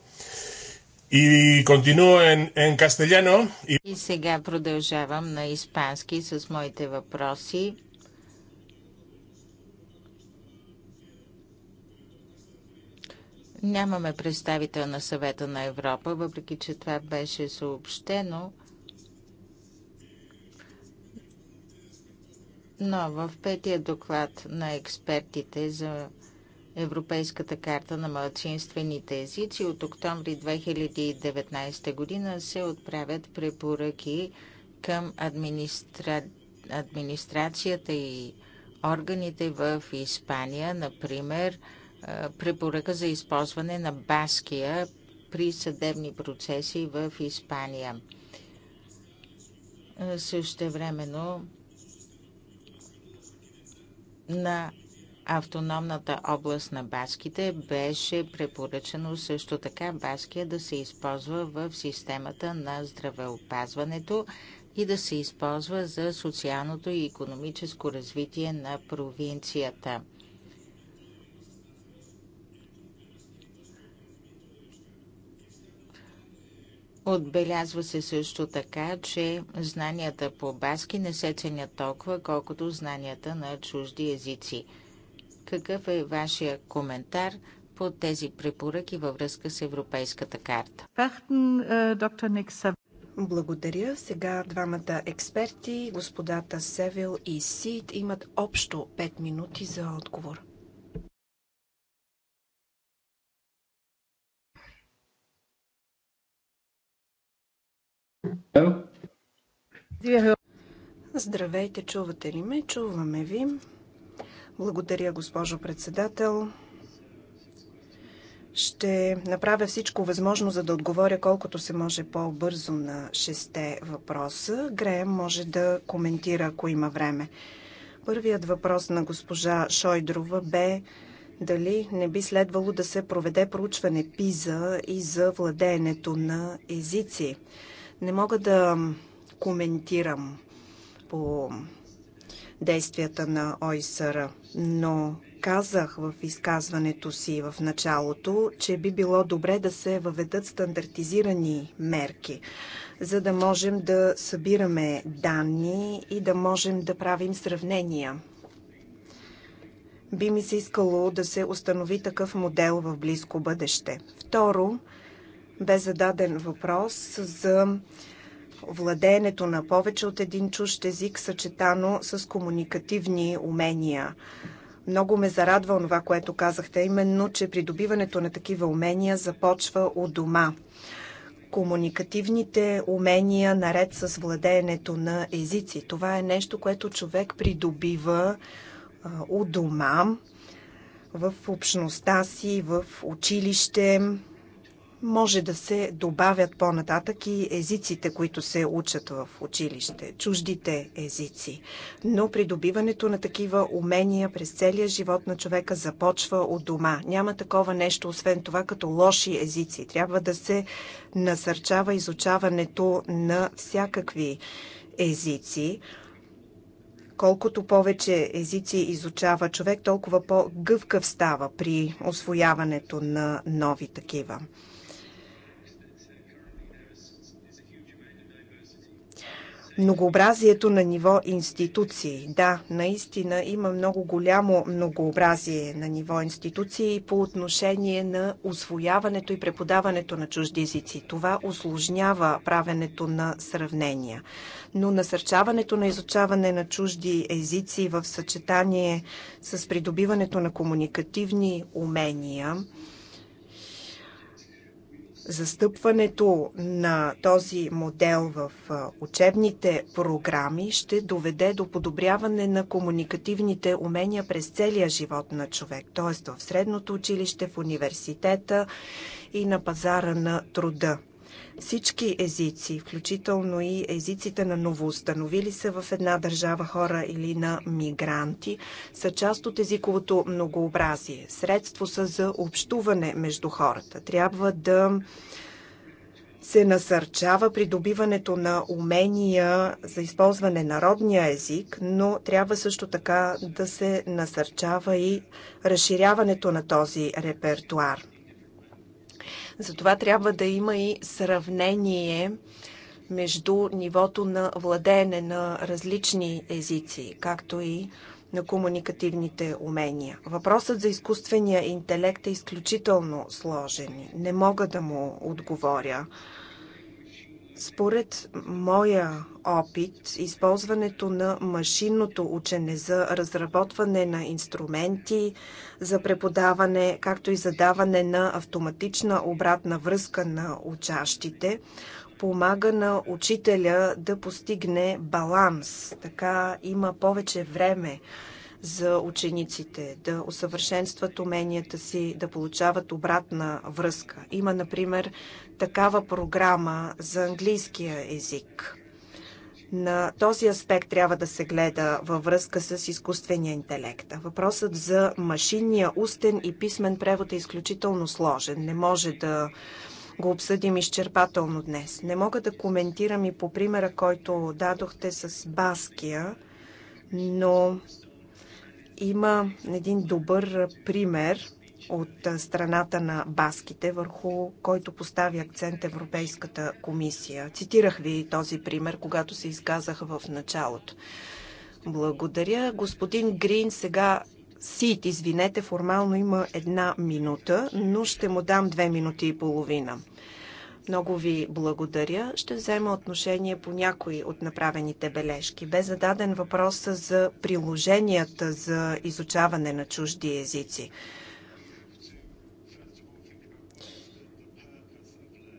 И континуо en en castellano. И сега продължавам на испански с моите въпроси. Нямаме представител на съвета на Европа, въпреки че това беше съобщено. Но в петия доклад на експертите за Европейската карта на малцинствените езици от октомври 2019 година се отправят препоръки към администра... администрацията и органите в Испания, например, препоръка за използване на Баския при съдебни процеси в Испания. Също времено на автономната област на Баските беше препоръчено също така Баския да се използва в системата на здравеопазването и да се използва за социалното и економическо развитие на провинцията. Отбелязва се също така, че знанията по баски не се ценят толкова, колкото знанията на чужди езици. Какъв е вашия коментар по тези препоръки във връзка с Европейската карта? Е, Благодаря. Сега двамата експерти, господата Севил и Сид, имат общо 5 минути за отговор. Здравейте, чувате ли ме? Чуваме ви. Благодаря, госпожо председател. Ще направя всичко възможно, за да отговоря колкото се може по-бързо на шесте въпроса. Греем може да коментира, ако има време. Първият въпрос на госпожа Шойдрова бе дали не би следвало да се проведе проучване ПИЗА и за владеенето на езици. Не мога да коментирам по действията на ОИСР, но казах в изказването си в началото, че би било добре да се въведат стандартизирани мерки, за да можем да събираме данни и да можем да правим сравнения. Би ми се искало да се установи такъв модел в близко бъдеще. Второ, бе зададен въпрос за владеенето на повече от един чужд език, съчетано с комуникативни умения. Много ме зарадва това, което казахте, именно, че придобиването на такива умения започва от дома. Комуникативните умения, наред с владеенето на езици, това е нещо, което човек придобива у от дома, в общността си, в училище, може да се добавят по-нататък и езиците, които се учат в училище, чуждите езици. Но придобиването на такива умения през целия живот на човека започва от дома. Няма такова нещо, освен това, като лоши езици. Трябва да се насърчава изучаването на всякакви езици колкото повече езици изучава човек, толкова по-гъвкав става при освояването на нови такива. Многообразието на ниво институции. Да, наистина има много голямо многообразие на ниво институции по отношение на освояването и преподаването на чужди езици. Това осложнява правенето на сравнения. Но насърчаването на изучаване на чужди езици в съчетание с придобиването на комуникативни умения – Застъпването на този модел в учебните програми ще доведе до подобряване на комуникативните умения през целия живот на човек, т.е. в средното училище, в университета и на пазара на труда всички езици, включително и езиците на новоустановили се в една държава хора или на мигранти, са част от езиковото многообразие. Средство са за общуване между хората. Трябва да се насърчава придобиването на умения за използване на родния език, но трябва също така да се насърчава и разширяването на този репертуар. Затова трябва да има и сравнение между нивото на владеене на различни езици, както и на комуникативните умения. Въпросът за изкуствения интелект е изключително сложен. Не мога да му отговоря според моя опит, използването на машинното учене за разработване на инструменти, за преподаване, както и за даване на автоматична обратна връзка на учащите, помага на учителя да постигне баланс. Така има повече време за учениците, да усъвършенстват уменията си, да получават обратна връзка. Има, например, такава програма за английския език. На този аспект трябва да се гледа във връзка с изкуствения интелект. Въпросът за машинния устен и писмен превод е изключително сложен. Не може да го обсъдим изчерпателно днес. Не мога да коментирам и по примера, който дадохте с Баския, но има един добър пример от страната на баските, върху който постави акцент Европейската комисия. Цитирах ви този пример, когато се изказах в началото. Благодаря. Господин Грин сега Сит, извинете, формално има една минута, но ще му дам две минути и половина. Много ви благодаря. Ще взема отношение по някои от направените бележки. Бе зададен въпрос за приложенията за изучаване на чужди езици.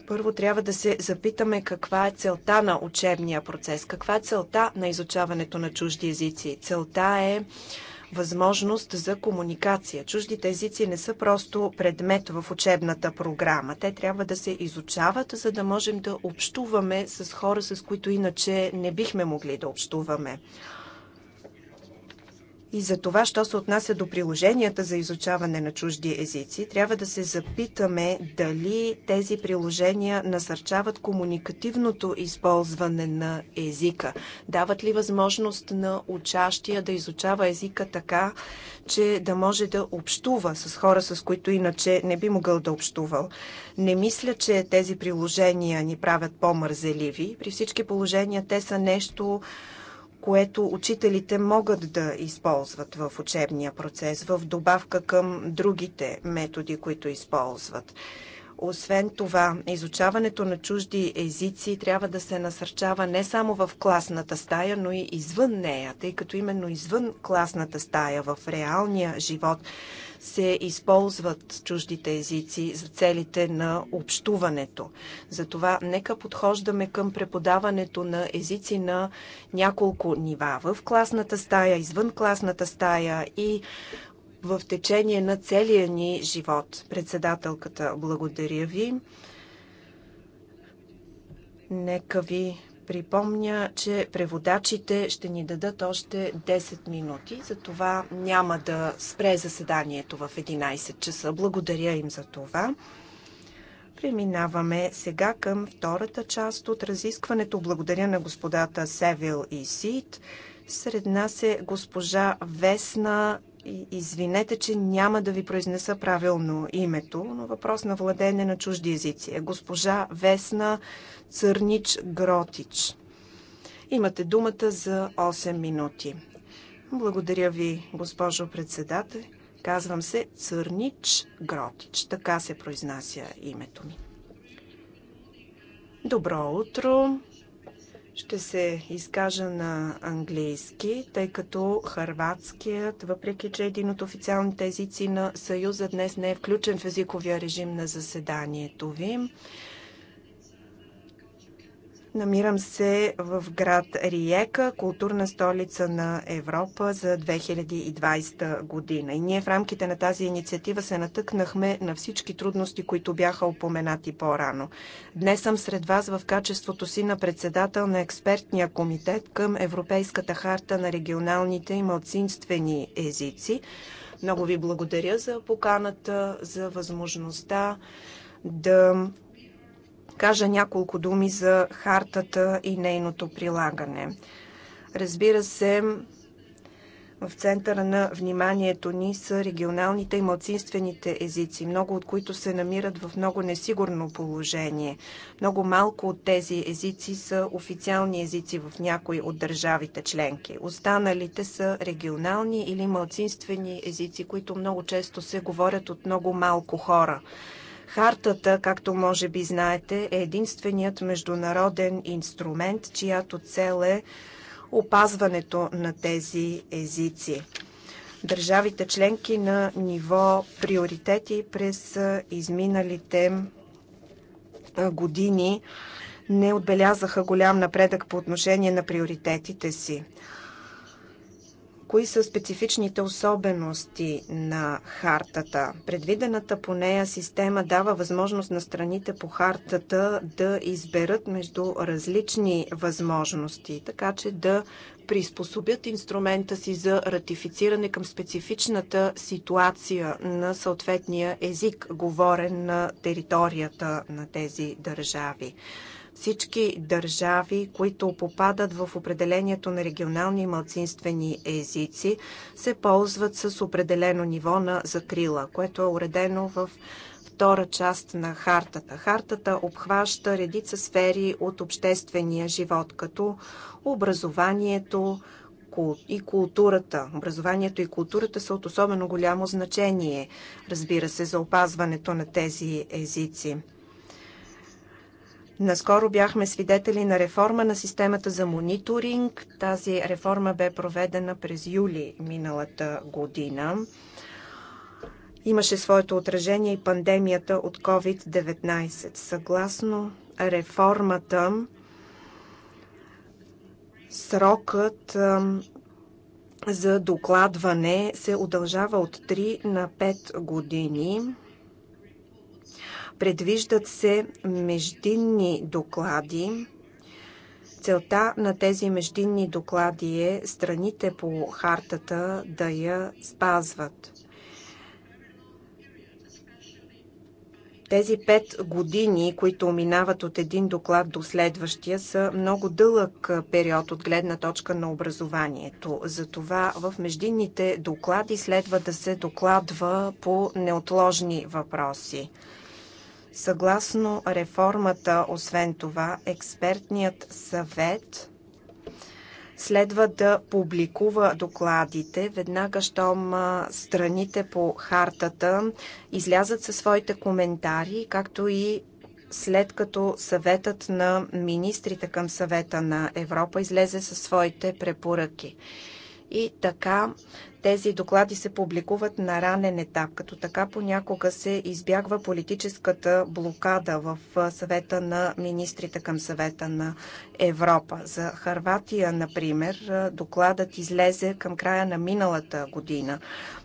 Първо трябва да се запитаме каква е целта на учебния процес, каква е целта на изучаването на чужди езици. Целта е възможност за комуникация. Чуждите езици не са просто предмет в учебната програма. Те трябва да се изучават, за да можем да общуваме с хора, с които иначе не бихме могли да общуваме. И за това, що се отнася до приложенията за изучаване на чужди езици, трябва да се запитаме дали тези приложения насърчават комуникативното използване на езика. Дават ли възможност на учащия да изучава езика така, че да може да общува с хора, с които иначе не би могъл да общувал. Не мисля, че тези приложения ни правят по-мързеливи. При всички положения те са нещо което учителите могат да използват в учебния процес, в добавка към другите методи, които използват. Освен това, изучаването на чужди езици трябва да се насърчава не само в класната стая, но и извън нея, тъй като именно извън класната стая, в реалния живот, се използват чуждите езици за целите на общуването. Затова нека подхождаме към преподаването на езици на няколко нива в класната стая, извън класната стая и в течение на целия ни живот. Председателката, благодаря ви. Нека ви припомня, че преводачите ще ни дадат още 10 минути, затова няма да спре заседанието в 11 часа. Благодаря им за това. Преминаваме сега към втората част от разискването. Благодаря на господата Севил и Сид. Сред нас е госпожа Весна Извинете, че няма да ви произнеса правилно името, но въпрос на владение на чужди езици е госпожа Весна Църнич-Гротич. Имате думата за 8 минути. Благодаря ви, госпожо председател. Казвам се Църнич Гротич. Така се произнася името ми. Добро утро! Ще се изкажа на английски, тъй като харватският, въпреки че е един от официалните езици на Съюза, днес не е включен в езиковия режим на заседанието ви. Намирам се в град Риека, културна столица на Европа за 2020 година. И ние в рамките на тази инициатива се натъкнахме на всички трудности, които бяха упоменати по-рано. Днес съм сред вас в качеството си на председател на експертния комитет към Европейската харта на регионалните и малцинствени езици. Много ви благодаря за поканата, за възможността да кажа няколко думи за хартата и нейното прилагане. Разбира се, в центъра на вниманието ни са регионалните и малцинствените езици, много от които се намират в много несигурно положение. Много малко от тези езици са официални езици в някои от държавите членки. Останалите са регионални или малцинствени езици, които много често се говорят от много малко хора. Хартата, както може би знаете, е единственият международен инструмент, чиято цел е опазването на тези езици. Държавите членки на ниво приоритети през изминалите години не отбелязаха голям напредък по отношение на приоритетите си кои са специфичните особености на хартата. Предвидената по нея система дава възможност на страните по хартата да изберат между различни възможности, така че да приспособят инструмента си за ратифициране към специфичната ситуация на съответния език, говорен на територията на тези държави. Всички държави, които попадат в определението на регионални и малцинствени езици, се ползват с определено ниво на закрила, което е уредено в втора част на хартата. Хартата обхваща редица сфери от обществения живот, като образованието, и културата. Образованието и културата са от особено голямо значение, разбира се, за опазването на тези езици. Наскоро бяхме свидетели на реформа на системата за мониторинг. Тази реформа бе проведена през юли миналата година. Имаше своето отражение и пандемията от COVID-19. Съгласно реформата, срокът за докладване се удължава от 3 на 5 години. Предвиждат се междинни доклади. Целта на тези междинни доклади е страните по хартата да я спазват. Тези пет години, които минават от един доклад до следващия, са много дълъг период от гледна точка на образованието. Затова в междинните доклади следва да се докладва по неотложни въпроси. Съгласно реформата, освен това, експертният съвет следва да публикува докладите веднага, щом страните по хартата излязат със своите коментари, както и след като съветът на министрите към съвета на Европа излезе със своите препоръки. И така тези доклади се публикуват на ранен етап, като така понякога се избягва политическата блокада в съвета на министрите към съвета на Европа. За Харватия, например, докладът излезе към края на миналата година,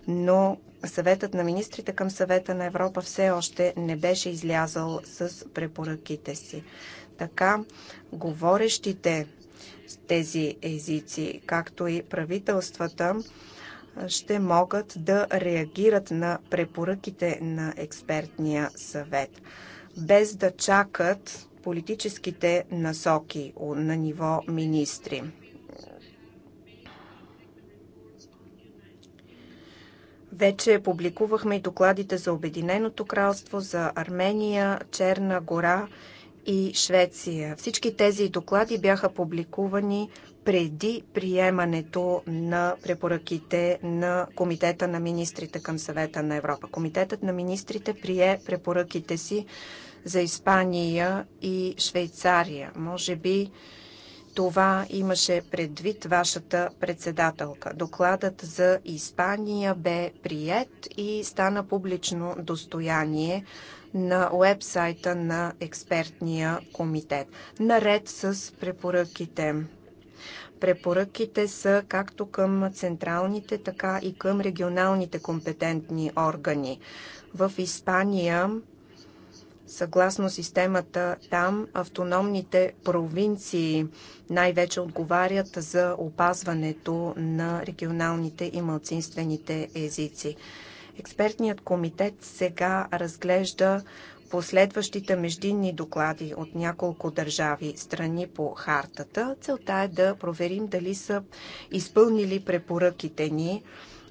но съветът на министрите към съвета на Европа все още не беше излязал с препоръките си. Така, говорещите тези езици, както и правителствата, ще могат да реагират на препоръките на експертния съвет, без да чакат политическите насоки на ниво министри. Вече публикувахме и докладите за Обединеното кралство, за Армения, Черна гора и Швеция. Всички тези доклади бяха публикувани преди приемането на препоръките на Комитета на министрите към съвета на Европа. Комитетът на министрите прие препоръките си за Испания и Швейцария. Може би това имаше предвид вашата председателка. Докладът за Испания бе прият и стана публично достояние на уебсайта на експертния комитет, наред с препоръките Препоръките са както към централните, така и към регионалните компетентни органи. В Испания, съгласно системата там, автономните провинции най-вече отговарят за опазването на регионалните и малцинствените езици. Експертният комитет сега разглежда последващите междинни доклади от няколко държави страни по хартата. Целта е да проверим дали са изпълнили препоръките ни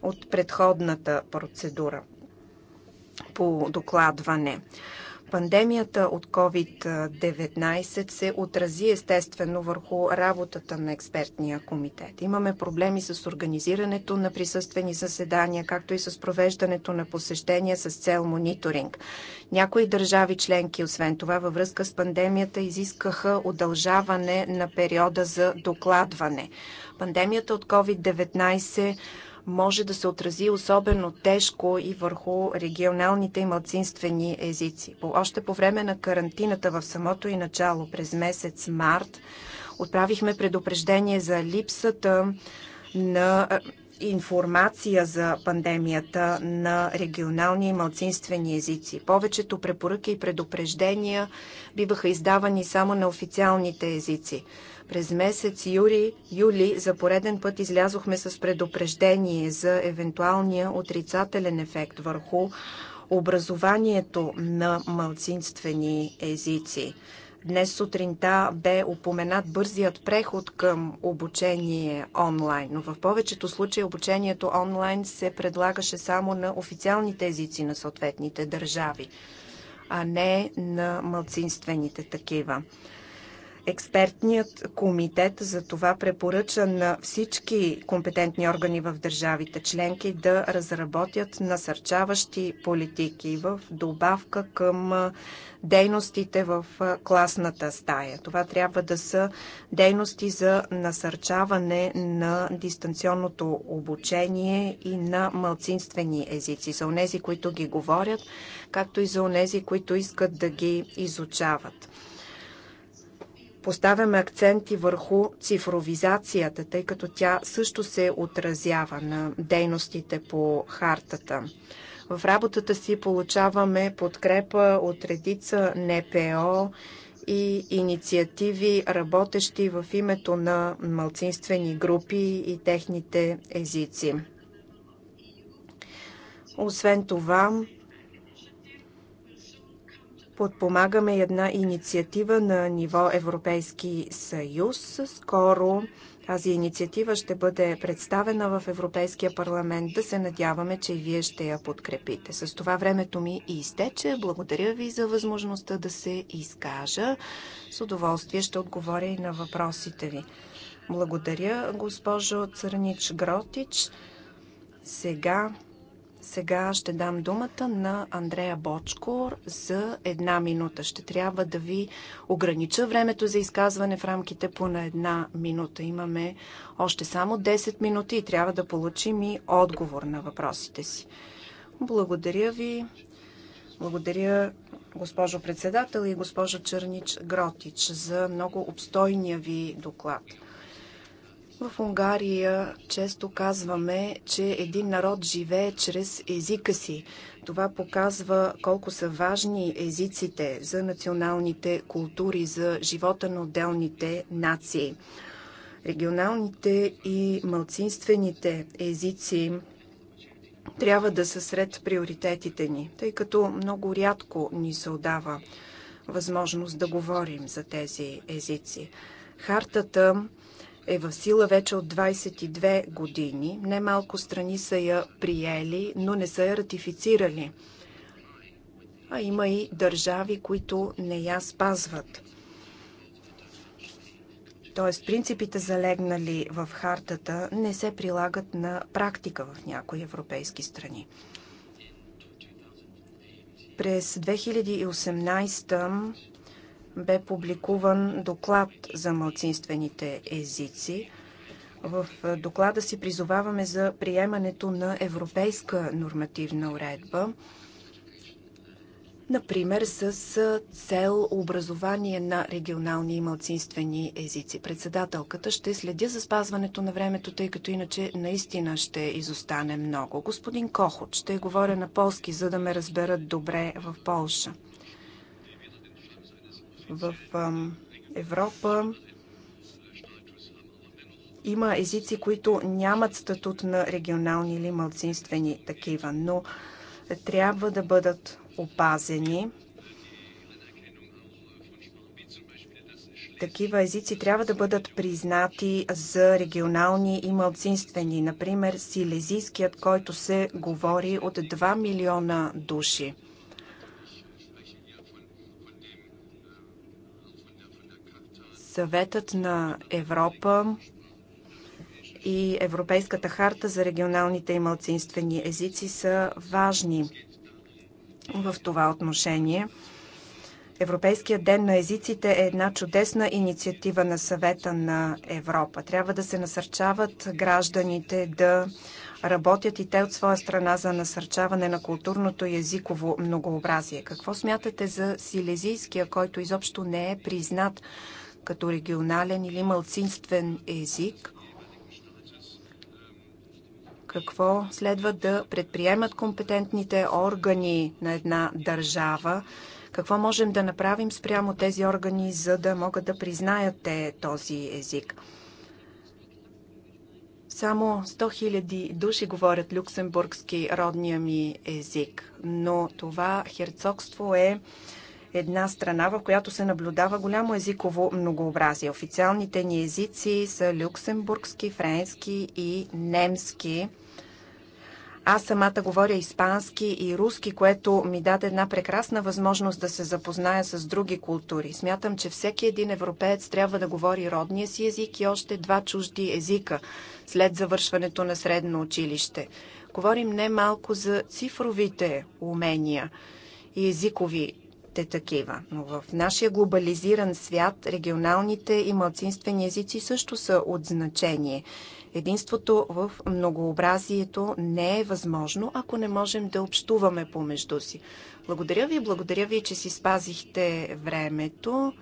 от предходната процедура по докладване. Пандемията от COVID-19 се отрази естествено върху работата на експертния комитет. Имаме проблеми с организирането на присъствени заседания, както и с провеждането на посещения с цел мониторинг. Някои държави членки, освен това, във връзка с пандемията, изискаха удължаване на периода за докладване. Пандемията от COVID-19 може да се отрази особено тежко и върху регионалните и малцинствени езици. Още по време на карантината в самото и начало, през месец март, отправихме предупреждение за липсата на информация за пандемията на регионални и малцинствени езици. Повечето препоръки и предупреждения биваха издавани само на официалните езици. През месец юли, юли за пореден път излязохме с предупреждение за евентуалния отрицателен ефект върху образованието на малцинствени езици. Днес сутринта бе упоменат бързият преход към обучение онлайн, но в повечето случаи обучението онлайн се предлагаше само на официалните езици на съответните държави, а не на малцинствените такива. Експертният комитет за това препоръча на всички компетентни органи в държавите членки да разработят насърчаващи политики в добавка към дейностите в класната стая. Това трябва да са дейности за насърчаване на дистанционното обучение и на малцинствени езици, за онези, които ги говорят, както и за онези, които искат да ги изучават. Поставяме акценти върху цифровизацията, тъй като тя също се отразява на дейностите по хартата. В работата си получаваме подкрепа от редица НПО и инициативи, работещи в името на малцинствени групи и техните езици. Освен това, подпомагаме една инициатива на ниво Европейски съюз. Скоро тази инициатива ще бъде представена в Европейския парламент. Да се надяваме, че и вие ще я подкрепите. С това времето ми и изтече. Благодаря ви за възможността да се изкажа. С удоволствие ще отговоря и на въпросите ви. Благодаря, госпожо Църнич Гротич. Сега сега ще дам думата на Андрея Бочкор за една минута. Ще трябва да ви огранича времето за изказване в рамките по на една минута. Имаме още само 10 минути и трябва да получим и отговор на въпросите си. Благодаря ви. Благодаря, госпожо председател и госпожо Чернич Гротич, за много обстойния ви доклад. В Унгария често казваме, че един народ живее чрез езика си. Това показва колко са важни езиците за националните култури, за живота на отделните нации. Регионалните и малцинствените езици трябва да са сред приоритетите ни, тъй като много рядко ни се отдава възможност да говорим за тези езици. Хартата е в сила вече от 22 години. Немалко страни са я приели, но не са я ратифицирали. А има и държави, които не я спазват. Тоест, принципите залегнали в хартата не се прилагат на практика в някои европейски страни. През 2018 бе публикуван доклад за малцинствените езици. В доклада си призоваваме за приемането на европейска нормативна уредба, например с цел образование на регионални и малцинствени езици. Председателката ще следя за спазването на времето, тъй като иначе наистина ще изостане много. Господин Кохот ще говоря на полски, за да ме разберат добре в Полша. В Европа има езици, които нямат статут на регионални или малцинствени такива, но трябва да бъдат опазени. Такива езици трябва да бъдат признати за регионални и малцинствени. Например, силезийският, който се говори от 2 милиона души – Съветът на Европа и Европейската харта за регионалните и малцинствени езици са важни в това отношение. Европейският ден на езиците е една чудесна инициатива на съвета на Европа. Трябва да се насърчават гражданите да работят и те от своя страна за насърчаване на културното и езиково многообразие. Какво смятате за Силезийския, който изобщо не е признат като регионален или малцинствен език, какво следва да предприемат компетентните органи на една държава, какво можем да направим спрямо тези органи, за да могат да признаят те този език. Само 100 000 души говорят люксембургски родния ми език, но това херцогство е една страна, в която се наблюдава голямо езиково многообразие. Официалните ни езици са люксембургски, френски и немски. Аз самата говоря испански и руски, което ми даде една прекрасна възможност да се запозная с други култури. Смятам, че всеки един европеец трябва да говори родния си език и още два чужди езика след завършването на средно училище. Говорим не малко за цифровите умения и езикови още такива. Но в нашия глобализиран свят регионалните и малцинствени езици също са от значение. Единството в многообразието не е възможно, ако не можем да общуваме помежду си. Благодаря ви, благодаря ви, че си спазихте времето.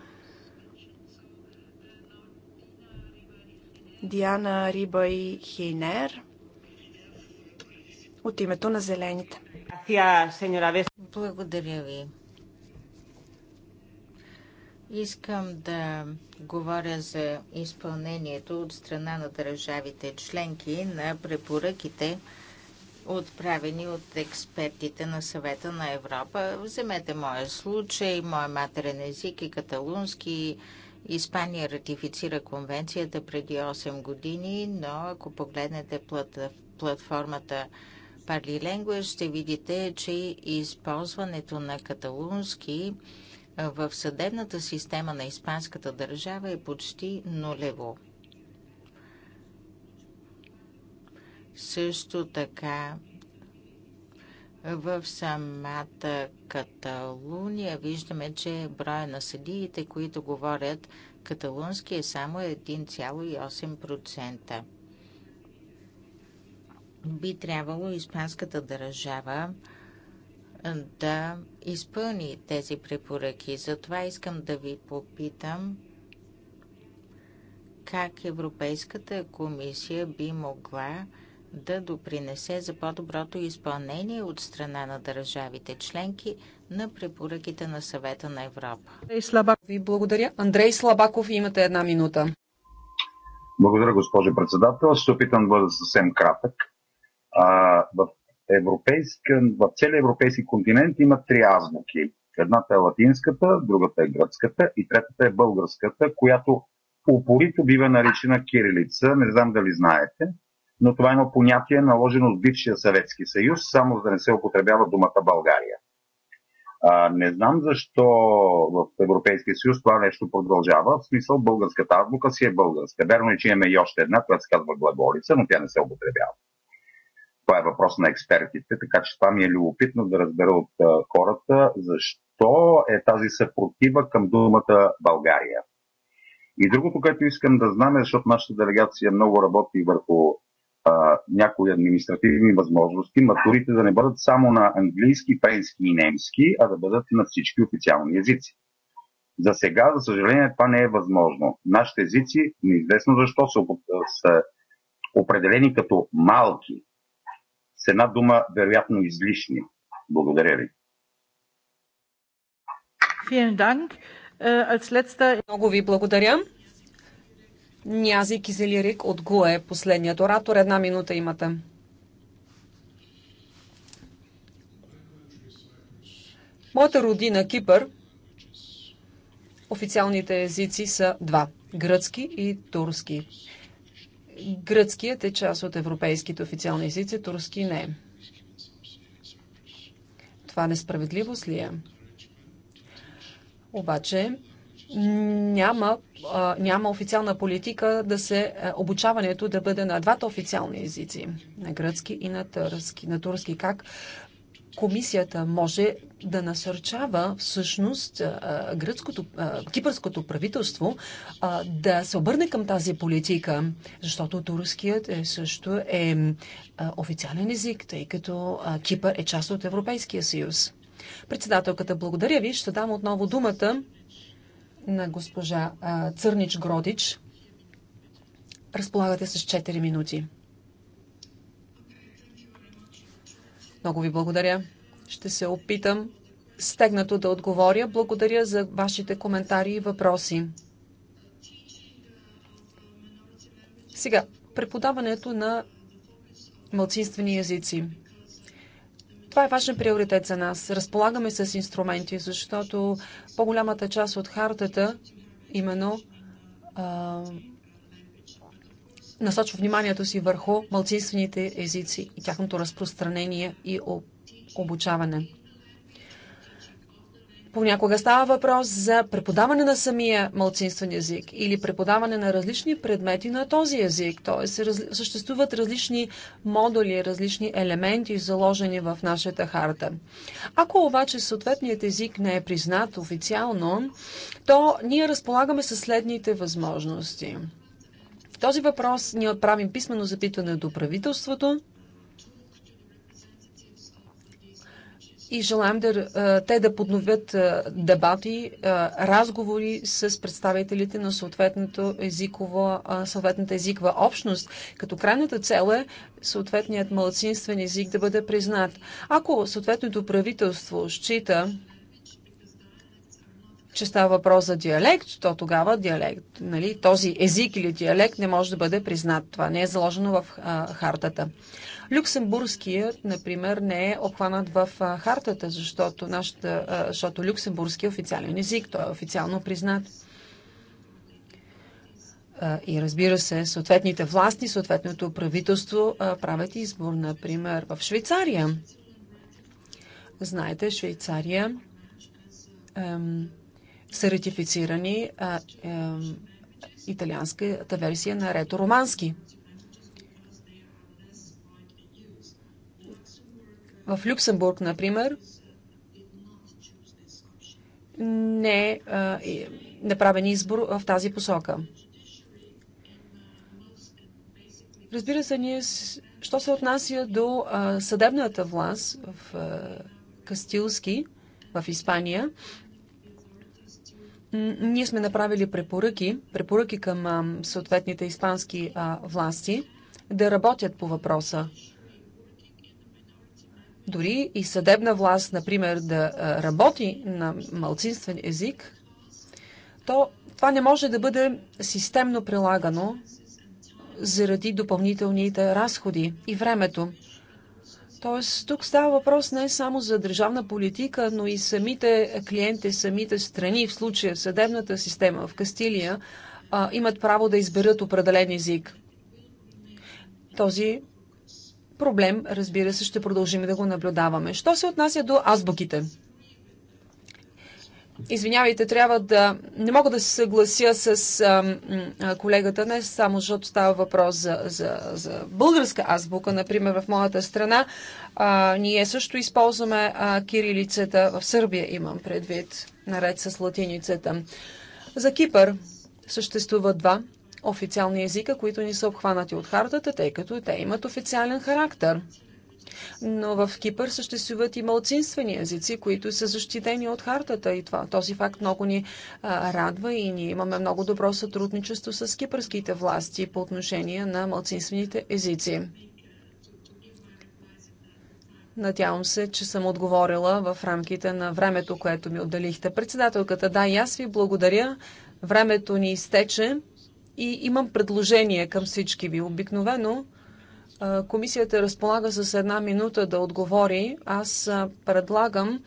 Диана Риба и Хейнер от името на Зелените. Благодаря ви. Искам да говоря за изпълнението от страна на държавите членки на препоръките, отправени от експертите на съвета на Европа. Вземете моя случай, моя матерен език и каталунски. Испания ратифицира конвенцията преди 8 години, но ако погледнете платформата Language, ще видите, че използването на каталунски в съдебната система на испанската държава е почти нулево. Също така в самата Каталуния виждаме, че броя на съдиите, които говорят каталунски е само 1,8%. Би трябвало испанската държава да изпълни тези препоръки. Затова искам да ви попитам как Европейската комисия би могла да допринесе за по-доброто изпълнение от страна на държавите членки на препоръките на съвета на Европа. Андрей Слабаков, ви благодаря. Андрей Слабаков, имате една минута. Благодаря, госпожо председател. Ще опитам да бъда съвсем кратък. А, в европейска, в целия европейски континент има три азбуки. Едната е латинската, другата е гръцката и третата е българската, която упорито бива наричана кирилица. Не знам дали знаете, но това е едно понятие, наложено от бившия Съветски съюз, само за да не се употребява думата България. А, не знам защо в Европейския съюз това нещо продължава. В смисъл българската азбука си е българска. Верно е, че имаме и още една, която се казва глаголица, но тя не се употребява. Това е въпрос на експертите, така че това ми е любопитно да разбера от хората защо е тази съпротива към думата България. И другото, което искам да знам е, защото нашата делегация много работи върху а, някои административни възможности, матурите да не бъдат само на английски, френски и немски, а да бъдат на всички официални езици. За сега, за съжаление, това не е възможно. Нашите езици, неизвестно защо, са, са определени като малки една дума вероятно излишни. Благодаря ви. Äh, Много ви благодаря. Нязи Кизелирик от ГУЕ, последният оратор. Една минута имате. Моята родина Кипър, официалните езици са два – гръцки и турски. Гръцкият е част от европейските официални езици, турски не. Това несправедливост ли е? Обаче няма, а, няма официална политика да се обучаването да бъде на двата официални езици, на гръцки и на турски. На турски как комисията може да насърчава всъщност гръцкото, кипърското правителство да се обърне към тази политика, защото турският е, също е официален език, тъй като Кипър е част от Европейския съюз. Председателката, благодаря ви. Ще дам отново думата на госпожа Църнич Гродич. Разполагате с 4 минути. Много ви благодаря. Ще се опитам стегнато да отговоря. Благодаря за вашите коментари и въпроси. Сега, преподаването на мълцинствени езици. Това е важен приоритет за нас. Разполагаме с инструменти, защото по-голямата част от хартата именно насочва вниманието си върху малцинствените езици и тяхното разпространение и обучаване. Понякога става въпрос за преподаване на самия малцинствен език или преподаване на различни предмети на този език. Тоест, съществуват различни модули, различни елементи, заложени в нашата харта. Ако обаче съответният език не е признат официално, то ние разполагаме със следните възможности – в този въпрос ние отправим писмено запитване до правителството и желаем да, те да подновят дебати, разговори с представителите на съответното езикова, съответната езикова общност, като крайната цел е съответният малцинствен език да бъде признат. Ако съответното правителство счита, че става въпрос за диалект, то тогава диалект, нали, този език или диалект не може да бъде признат. Това не е заложено в а, хартата. Люксембургският, например, не е обхванат в а, хартата, защото, нашата, а, защото люксембургски е официален език, той е официално признат. и разбира се, съответните власти, съответното правителство правят избор. Например, в Швейцария. Знаете, Швейцария са ратифицирани а, е, италианската версия на Рето Романски. В Люксембург, например, не е направен избор в тази посока. Разбира се, ние, що се отнася до а, съдебната власт в а, Кастилски, в Испания, ние сме направили препоръки, препоръки към съответните испански власти да работят по въпроса. Дори и съдебна власт, например, да работи на малцинствен език, то това не може да бъде системно прилагано заради допълнителните разходи и времето. Тоест, тук става въпрос не само за държавна политика, но и самите клиенти, самите страни, в случая в съдебната система в Кастилия, а, имат право да изберат определен език. Този проблем, разбира се, ще продължим да го наблюдаваме. Що се отнася до азбуките? Извинявайте, трябва да. Не мога да се съглася с а, м, колегата, не само защото става въпрос за, за, за българска азбука, например, в моята страна. А, ние също използваме а, кирилицата. В Сърбия имам предвид, наред с латиницата. За Кипър съществуват два официални езика, които ни са обхванати от хартата, тъй като те имат официален характер. Но в Кипър съществуват и малцинствени езици, които са защитени от хартата и това. Този факт много ни а, радва и ние имаме много добро сътрудничество с кипърските власти по отношение на малцинствените езици. Надявам се, че съм отговорила в рамките на времето, което ми отделихте. Председателката, да, и аз ви благодаря. Времето ни изтече и имам предложение към всички ви. Обикновено Комисията разполага с една минута да отговори. Аз предлагам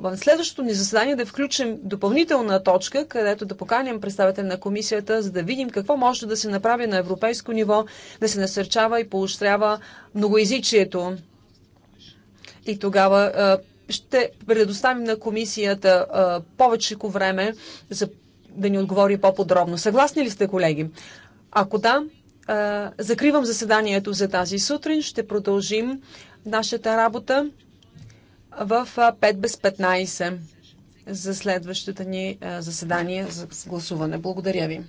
в следващото ни заседание да включим допълнителна точка, където да поканим представител на комисията, за да видим какво може да се направи на европейско ниво, да се насърчава и поощрява многоязичието. И тогава ще предоставим на комисията повече време за да ни отговори по-подробно. Съгласни ли сте, колеги? Ако да, Закривам заседанието за тази сутрин. Ще продължим нашата работа в 5 без 15 за следващото ни заседание за гласуване. Благодаря ви.